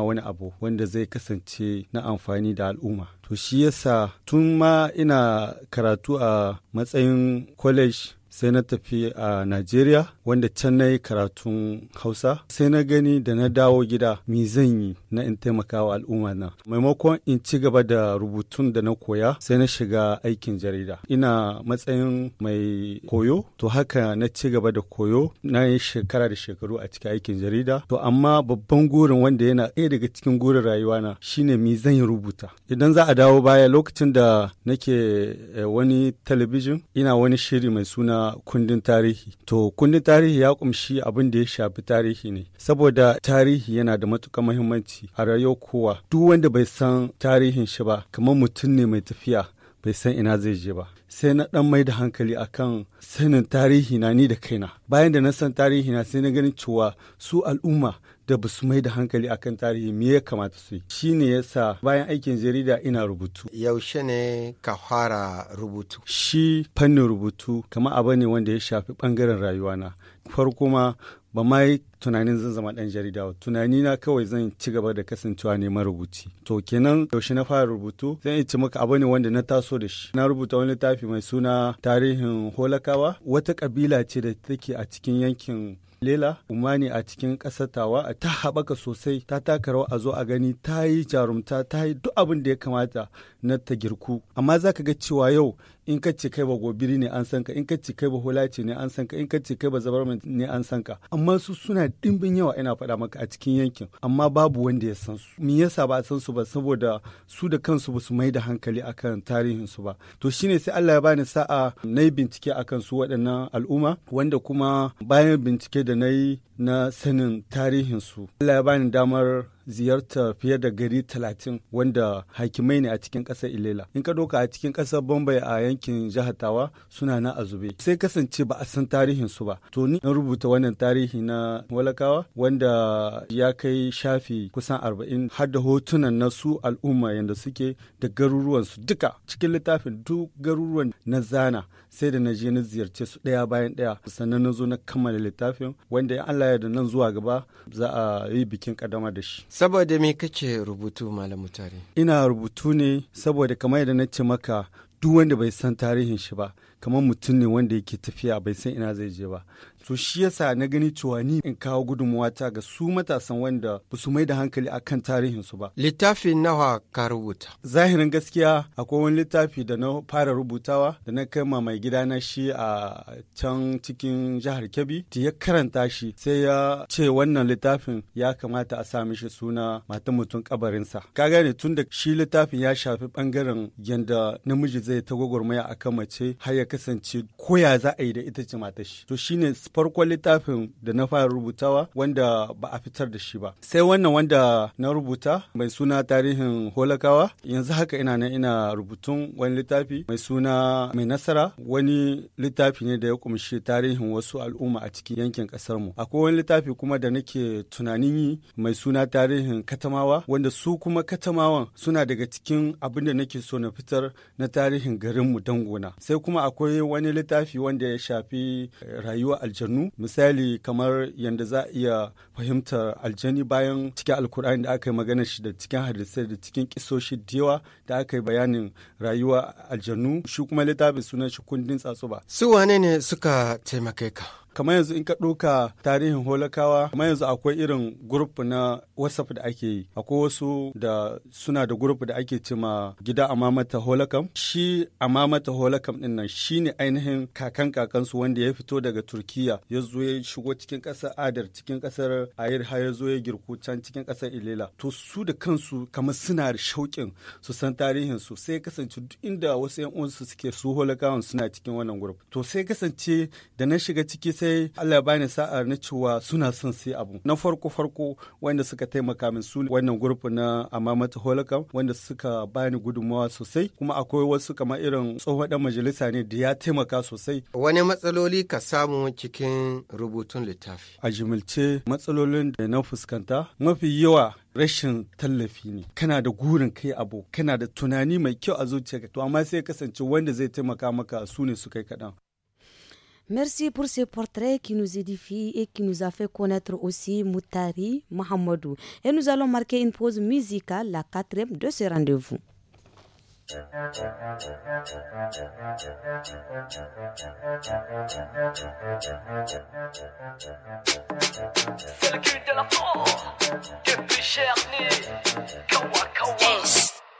wani abu wanda zai kasance na amfani da al'umma. To shi yasa tun ma ina karatu a matsayin college sai na tafi a Najeriya wanda can na yi karatun Hausa sai na gani da na dawo gida mi zan yi na in taimaka wa al'umma na maimakon in ci gaba da rubutun da na koya sai na shiga aikin jarida ina matsayin mai koyo to haka na ci gaba da koyo na yi shekara da shekaru a cikin aikin jarida to amma babban gurin wanda yana ɗaya daga cikin gurin rayuwa na shine mi zan yi rubuta idan za a dawo baya lokacin da nake eh, wani talabijin ina wani shiri mai suna kundin tarihi to kundin tarihi ya kumshi abin da ya shafi tarihi ne saboda tarihi yana da matuƙar muhimmanci a rayuwar kowa duk wanda bai san tarihin shi ba kamar mutum ne mai tafiya bai san ina zai je ba sai na ɗan mai da hankali akan sanin tarihi na ni da kaina bayan da na san tarihi na sai na ganin cewa su al'umma da ba mai da hankali akan tarihi me ya kamata su yi shi ne ya sa. bayan aikin jarida ina rubutu yaushe ne ka fara rubutu shi fannin rubutu kamar abu ne wanda ya shafi bangaren rayuwana farko ma ba ma tunanin zan zama ɗan jarida ba tunani na kawai zan ci gaba da kasancewa ne marubuci to kenan yaushe na fara rubutu zan iya ci maka abu ne wanda na taso da shi na rubuta wani littafi mai suna tarihin holakawa wata kabila ce da take a cikin yankin Lela Umani a cikin ƙasar tawa ta haɓaka sosai ta taka rawa a zo a gani ta yi jarumta ta yi duk abin da ya kamata na tagirku amma za ka ga cewa yau in ka ce kai ba gobiri ne an san ka in ka ce kai ba hulace ne an san ka in ka ce kai ba zabarman ne an san ka amma su suna dimbin yawa ina faɗa maka a cikin yankin amma babu wanda ya san su me yasa ba a san su ba saboda su da kansu ba su mai da hankali akan tarihin su ba to shine sai Allah ya bani sa'a na yi bincike akan su waɗannan al'umma wanda kuma bayan bincike da na yi na sanin tarihin su Allah ya bani damar ziyartar fiye da gari talatin wanda hakimai ne a cikin ƙasar Ilela. In ka doka a cikin ƙasar Bombay a yankin jihar suna na zube Sai kasance ba a san tarihin su ba. To ni na rubuta wannan tarihi na Walakawa wanda ya kai shafi kusan arba'in har da hotunan na su al'umma yadda suke da garuruwansu duka cikin littafin duk garuruwan na zana. sai da na je na ziyarce su ɗaya bayan ɗaya sannan na zo na kammala littafin wanda ya Allah ya da nan zuwa gaba za a yi bikin kadama da shi. Saboda me kake rubutu malam mutare? Ina rubutu ne saboda kamar yadda na ce maka duk wanda bai san tarihin shi ba kamar mutum ne wanda yake tafiya bai san ina zai je ba so shi yasa na gani cewa ni in kawo gudunmuwata ga su matasan wanda ba su mai da hankali akan tarihin su ba littafi nawa ka rubuta zahirin gaskiya akwai wani littafi da na fara rubutawa da na kai ma mai na shi a can cikin jihar Kebbi da ya karanta shi sai ya ce wannan littafin ya kamata a sa mishi suna matan mutum kabarinsa ka gane tun da shi littafin ya shafi bangaren yanda namiji zai ta gwagwarmaya akan mace har ya kasance koya za a yi da ita ce matar shi to shine farkon littafin da na fara rubutawa wanda ba a fitar da shi ba sai wannan wanda na rubuta mai suna tarihin holakawa yanzu haka ina nan ina rubutun wani littafi mai suna mai nasara wani littafi ne da ya kumshi tarihin wasu al'umma a cikin yankin kasar mu akwai wani littafi kuma da nake tunanin yi mai suna tarihin katamawa wanda su kuma katamawan suna daga cikin abin da nake so na fitar na tarihin garin garinmu dangona sai kuma akwai wani littafi wanda ya shafi eh, rayuwar aljar aljanu misali kamar yadda za a iya fahimtar aljani bayan cikin alkur'ani da aka yi magana shi da cikin hadisai da cikin kisoshi da da aka yi bayanin rayuwa aljanu shi kuma littafin sunan shi kundin tsatsuba su wane ne suka taimake ka kamar yanzu in ka ɗauka tarihin holakawa kamar yanzu akwai irin gurup na whatsapp da ake yi akwai wasu da suna da gurup da ake cima gida amamata holakam shi amamata holakam din nan shine ainihin kakan kakansu wanda ya fito daga turkiya ya zo ya shigo cikin ƙasar adar cikin ƙasar ayir har ya zo ya girku can cikin ƙasar ilela to su da kansu kamar suna da shauƙin su san tarihin su sai kasance duk inda wasu 'yan uwansu suke su holakawan suna cikin wannan gurup to sai kasance da na shiga ciki sai sai Allah ya bani sa'a na cewa suna son sai abu na farko farko wanda suka taimaka min su wannan gurfi na Amamata Holakam wanda suka bani gudunmawa sosai kuma akwai wasu kamar irin tsohon dan majalisa ne da ya taimaka sosai wani matsaloli ka samu cikin rubutun littafi a jimilce matsalolin da na fuskanta mafi yawa rashin tallafi ne kana da gurin kai abu kana da tunani mai kyau a zuciyarka to amma sai kasance wanda zai taimaka maka su ne su kai kaɗan Merci pour ce portrait qui nous édifie et qui nous a fait connaître aussi Moutari Mohamedou. Et nous allons marquer une pause musicale, la quatrième de ce rendez-vous. le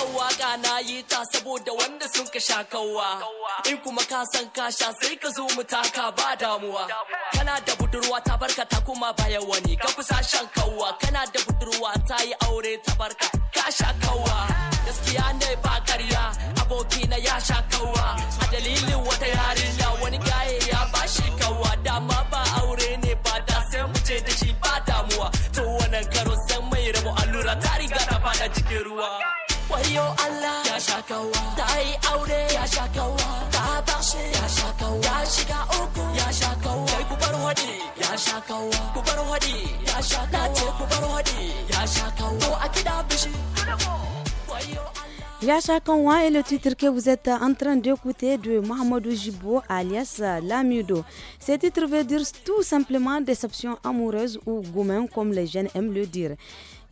wannan ga na yi ta saboda wanda sun ka sha kawa in kuma ka san ka sha sai ka zo mu taka ba damuwa kana da budurwa ta barka ta kuma baya wani ka kusa shan kawa kana da budurwa ta yi aure ta barka ka sha kawa gaskiya ne ba karya aboki na ya sha kawa a dalilin wata yarinya wani gaye ya ba shi kawa dama ba aure ne ba da sai mu je da shi ba damuwa to wannan karo san mai rabo allura ta riga ta fada cikin ruwa wayo Allah ya sha kawa ta yi aure ya sha kawa ta tarshe ya sha kawa ya shiga ya sha ku bar hodi ya sha kawa ku bar hodi ya sha kawa ce ku bar ya sha kawa ko akida bishi wayo Yasha Kanwa est le titre que vous êtes en train d'écouter de Mohamedou Jibo alias Lamido. Ce titre veut dire tout simplement déception amoureuse ou goumen comme les jeunes aiment le dire.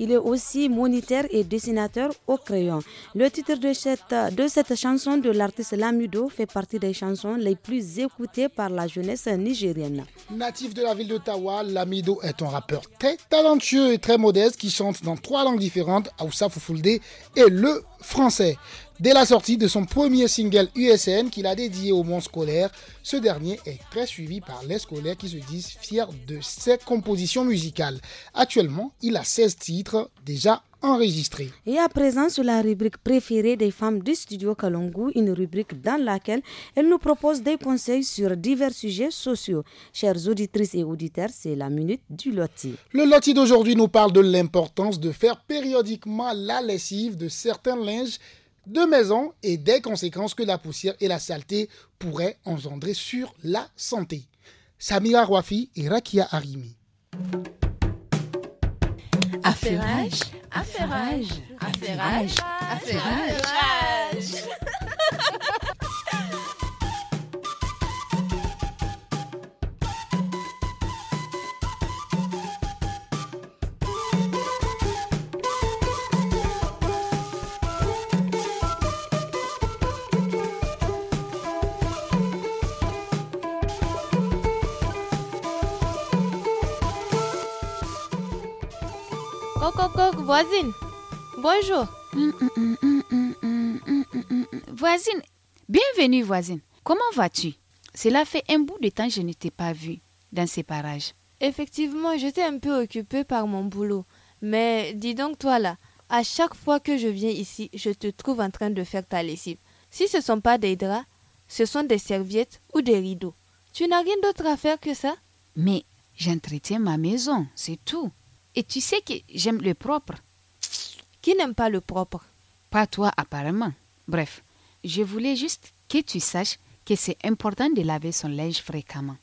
Il est aussi moniteur et dessinateur au crayon. Le titre de cette, de cette chanson de l'artiste Lamido fait partie des chansons les plus écoutées par la jeunesse nigérienne. Natif de la ville d'Ottawa, Lamido est un rappeur très talentueux et très modeste qui chante dans trois langues différentes, Aoussa Foufoulde et le français dès la sortie de son premier single USN qu'il a dédié au monde scolaire. Ce dernier est très suivi par les scolaires qui se disent fiers de ses compositions musicales. Actuellement, il a 16 titres déjà enregistrés. Et à présent, sur la rubrique préférée des femmes du studio Kalongo, une rubrique dans laquelle elle nous propose des conseils sur divers sujets sociaux. Chers auditrices et auditeurs, c'est la minute du loti. Le loti d'aujourd'hui nous parle de l'importance de faire périodiquement la lessive de certains linges de maisons et des conséquences que la poussière et la saleté pourraient engendrer sur la santé. Samira Rouafi et Rakia Harimi. Coq, voisine. Bonjour. voisine, bienvenue, voisine. Comment vas-tu Cela fait un bout de temps que je ne t'ai pas vue dans ces parages. Effectivement, j'étais un peu occupée par mon boulot. Mais dis donc, toi là, à chaque fois que je viens ici, je te trouve en train de faire ta lessive. Si ce ne sont pas des draps, ce sont des serviettes ou des rideaux. Tu n'as rien d'autre à faire que ça Mais j'entretiens ma maison, c'est tout. Et tu sais que j'aime le propre. Qui n'aime pas le propre Pas toi apparemment. Bref, je voulais juste que tu saches que c'est important de laver son linge fréquemment.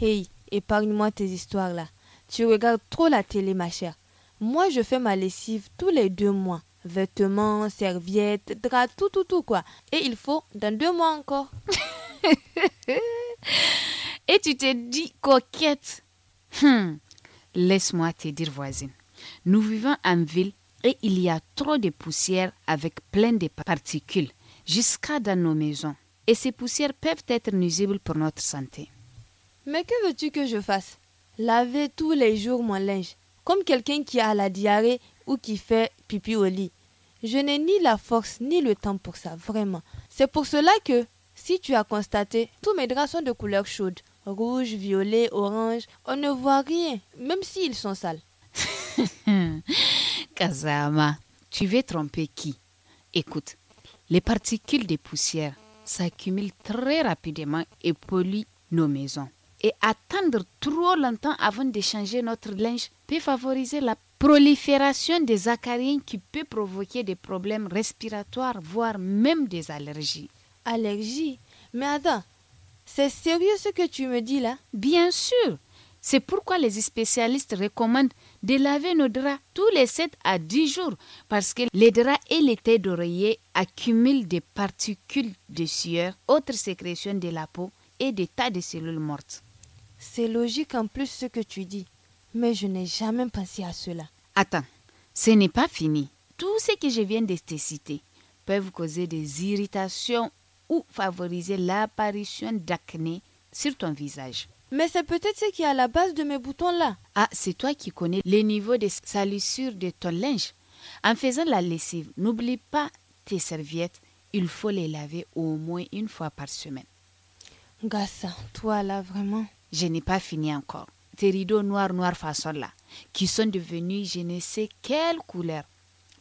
Hey, épargne-moi tes histoires là. Tu regardes trop la télé, ma chère. Moi, je fais ma lessive tous les deux mois. Vêtements, serviettes, draps, tout, tout, tout quoi. Et il faut dans deux mois encore. Et tu t'es dit coquette. Hum... Laisse-moi te dire, voisine. Nous vivons en ville et il y a trop de poussière avec plein de particules, jusqu'à dans nos maisons. Et ces poussières peuvent être nuisibles pour notre santé. Mais que veux-tu que je fasse Laver tous les jours mon linge, comme quelqu'un qui a la diarrhée ou qui fait pipi au lit. Je n'ai ni la force ni le temps pour ça, vraiment. C'est pour cela que, si tu as constaté, tous mes draps sont de couleur chaude rouge, violet, orange, on ne voit rien, même s'ils sont sales. Kazama, tu veux tromper qui Écoute, les particules de poussière s'accumulent très rapidement et polluent nos maisons. Et attendre trop longtemps avant de changer notre linge peut favoriser la prolifération des acariens qui peut provoquer des problèmes respiratoires, voire même des allergies. Allergies Mais c'est sérieux ce que tu me dis là Bien sûr. C'est pourquoi les spécialistes recommandent de laver nos draps tous les 7 à 10 jours parce que les draps et les têtes d'oreiller accumulent des particules de sueur, autres sécrétions de la peau et des tas de cellules mortes. C'est logique en plus ce que tu dis, mais je n'ai jamais pensé à cela. Attends, ce n'est pas fini. Tout ce que je viens de te citer peut vous causer des irritations ou favoriser l'apparition d'acné sur ton visage. Mais c'est peut-être ce qui est à la base de mes boutons-là. Ah, c'est toi qui connais les niveaux de salissure de ton linge. En faisant la lessive, n'oublie pas tes serviettes. Il faut les laver au moins une fois par semaine. Gassa, toi là vraiment. Je n'ai pas fini encore. Tes rideaux noirs, noirs façon là, qui sont devenus je ne sais quelle couleur,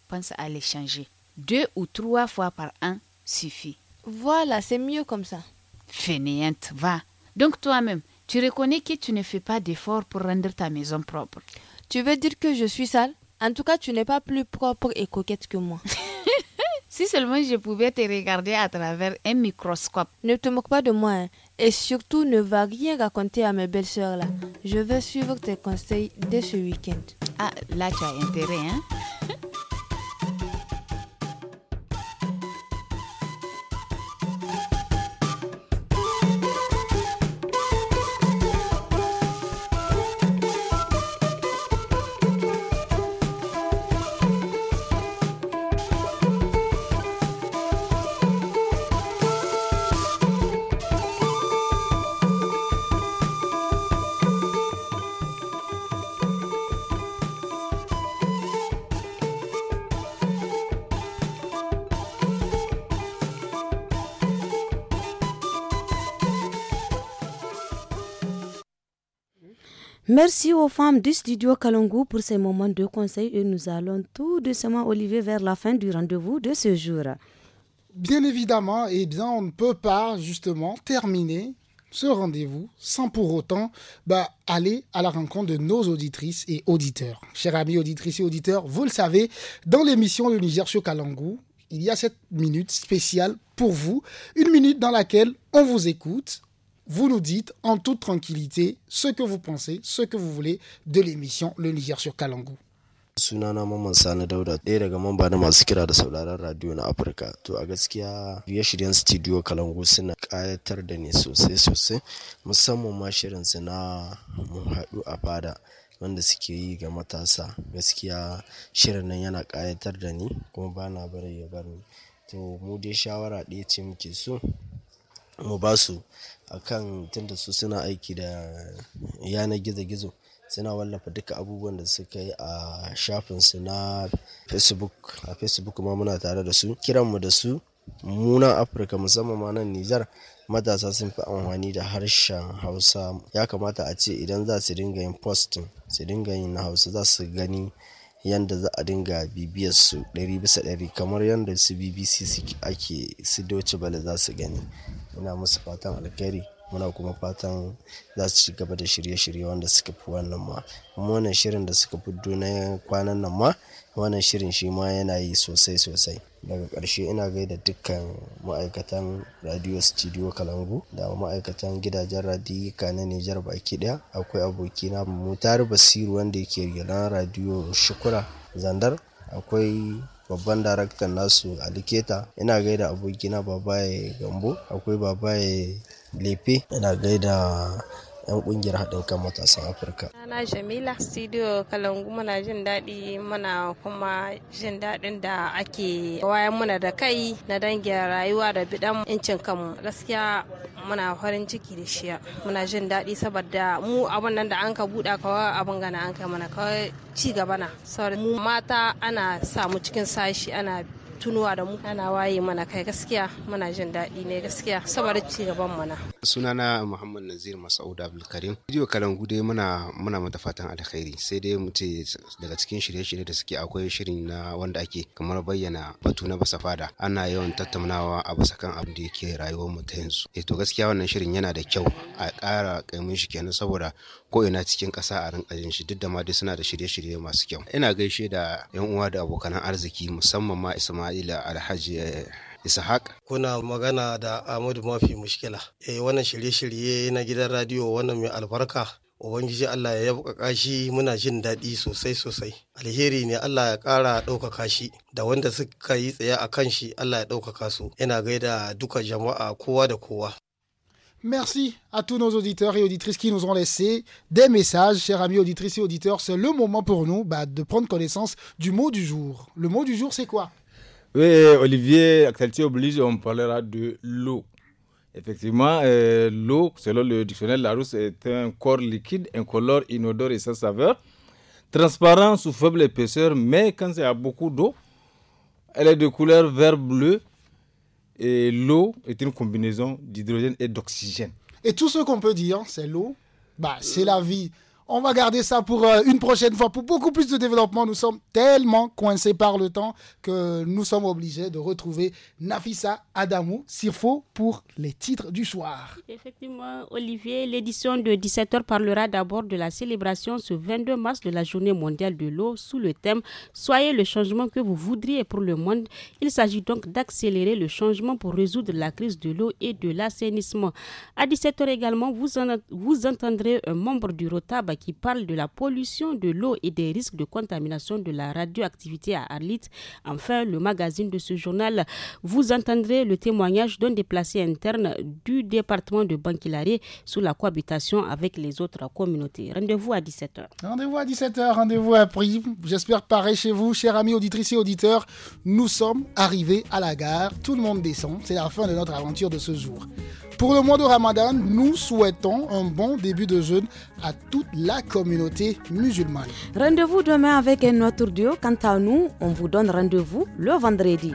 pense à les changer. Deux ou trois fois par an suffit. Voilà, c'est mieux comme ça. Fainéante, va. Donc toi-même, tu reconnais que tu ne fais pas d'efforts pour rendre ta maison propre. Tu veux dire que je suis sale En tout cas, tu n'es pas plus propre et coquette que moi. si seulement je pouvais te regarder à travers un microscope. Ne te moque pas de moi. Hein. Et surtout, ne va rien raconter à mes belles-sœurs là. Je vais suivre tes conseils dès ce week-end. Ah, là, tu as intérêt, hein Merci aux femmes du studio Kalangu pour ces moments de conseil et nous allons tout doucement, Olivier, vers la fin du rendez-vous de ce jour. Bien évidemment, eh bien, on ne peut pas justement terminer ce rendez-vous sans pour autant bah, aller à la rencontre de nos auditrices et auditeurs. Chers amis auditrices et auditeurs, vous le savez, dans l'émission Le Niger sur Kalangou, il y a cette minute spéciale pour vous, une minute dans laquelle on vous écoute, vous nous dites en toute tranquillité ce que vous pensez, ce que vous voulez de l'émission Le Niger sur Kalangou. sunana Mamman Dauda ɗaya eh, mamba na radio na Afirka. To a gaskiya shirye studio Kalangu suna ƙayatar da ni sosai sosai musamman ma shirin su na mun haɗu a fada wanda suke yi ga matasa gaskiya shirin nan yana ƙayatar da ni kuma ba na bari ya bar ni. To mu dai shawara ɗaya ce muke so mu ba su akan tunda su suna aiki da yanar gizo-gizo suna wallafa duka abubuwan da suka yi a shafinsu na Facebook. A Facebook ma muna tare da su. Kiranmu da su muna Afirka musamman ma nan Nijar matasa sun fi amfani da harshen Hausa. Ya kamata a ce idan za su dinga yin post su dinga yin na Hausa za su gani yanda za a dinga bibiyar su ɗari bisa ɗari kamar yanda su BBC ake su doce bala za su gani. Muna musu fatan alkhairi muna kuma fatan za su ci gaba da shirye-shirye wanda suka fi wannan ma. Kuma wannan shirin da suka fi na kwanan nan ma Wannan shirin shi ma yana yi sosai sosai. Daga ƙarshe ina gaida dukkan ma'aikatan Radiyo Studio Kalangu da ma'aikatan gidajen radiyyika na Nijar baki ɗaya. Akwai abokina mutar Basiru wanda yake gidan Radiyo Shukura Zandar. Akwai babban daraktan nasu Ali Keta. Ina gaida abokina Babaye Gambo. Akwai Babaye Lefe. Ina gaida. 'yan kungiyar haɗin kan matasan afirka na jamila studio kalangu muna jin daɗi muna kuma jin daɗin da ake wayan muna da kai na dangin rayuwa da bidan incin kanmu gaskiya muna farin ciki da shiya muna jin daɗi saboda mu abin nan da an ka buɗa kawai abin gana an kai mana kawai ci gaba na mata ana samu cikin sashi ana tunuwa da mu ana waye mana kai gaskiya muna jin daɗi ne gaskiya saboda ci gaban mana sunana muhammad nazir masaud abdulkarim bidiyo kalangu dai muna muna mata fatan alkhairi sai dai mu ce daga cikin shirye-shirye da suke akwai shirin na wanda ake kamar bayyana batu na basa fada ana yawan tattaunawa a basa kan abin da yake rayuwar mu ta yanzu eh to gaskiya wannan shirin yana da kyau a ƙara kaimun shi kenan saboda Ko'ina cikin ƙasa a rinka jin shi duk da ma dai suna da shirye-shirye masu kyau ina gaishe da yan uwa da abokan arziki musamman ma Isma'ila Alhaji eh, Isahak. Kuna magana da Ahmadu Mafi Mushkila. Eh wannan shirye-shirye na gidan radiyo wannan mai albarka Ubangiji Allah ya yabƙaƙa shi muna jin daɗi sosai sosai. Alheri ne Allah ya ƙara ɗaukaka shi da wanda suka yi tsaye a kan shi Allah ya ɗaukaka su. Ina gaida duka jama'a kowa da kowa. Merci à tous nos auditeurs et auditrices qui nous ont laissé des messages. Chers amis auditrices et auditeurs, c'est le moment pour nous bah, de prendre connaissance du mot du jour. Le mot du jour, c'est quoi Oui, Olivier, actualité oblige, on parlera de l'eau. Effectivement, euh, l'eau, selon le dictionnaire Larousse, est un corps liquide, incolore, inodore et sans saveur, transparent sous faible épaisseur, mais quand il y a beaucoup d'eau, elle est de couleur vert bleu et l'eau est une combinaison d'hydrogène et d'oxygène. Et tout ce qu'on peut dire, c'est l'eau, bah, c'est la vie. On va garder ça pour euh, une prochaine fois, pour beaucoup plus de développement. Nous sommes tellement coincés par le temps que nous sommes obligés de retrouver Nafissa Adamou s'il faut pour les titres du soir. Effectivement, Olivier, l'édition de 17h parlera d'abord de la célébration ce 22 mars de la journée mondiale de l'eau sous le thème Soyez le changement que vous voudriez pour le monde. Il s'agit donc d'accélérer le changement pour résoudre la crise de l'eau et de l'assainissement. À 17h également, vous, vous entendrez un membre du Rotab qui parle de la pollution de l'eau et des risques de contamination de la radioactivité à Arlit. Enfin, le magazine de ce journal, vous entendrez le témoignage d'un déplacé interne du département de Banquilaré sous la cohabitation avec les autres communautés. Rendez-vous à 17h. Rendez-vous à 17h, rendez-vous à prix. J'espère pareil chez vous, chers amis auditrices et auditeurs. Nous sommes arrivés à la gare, tout le monde descend. C'est la fin de notre aventure de ce jour. Pour le mois de Ramadan, nous souhaitons un bon début de jeûne à toute la communauté musulmane. Rendez-vous demain avec notre autre duo. Quant à nous, on vous donne rendez-vous le vendredi.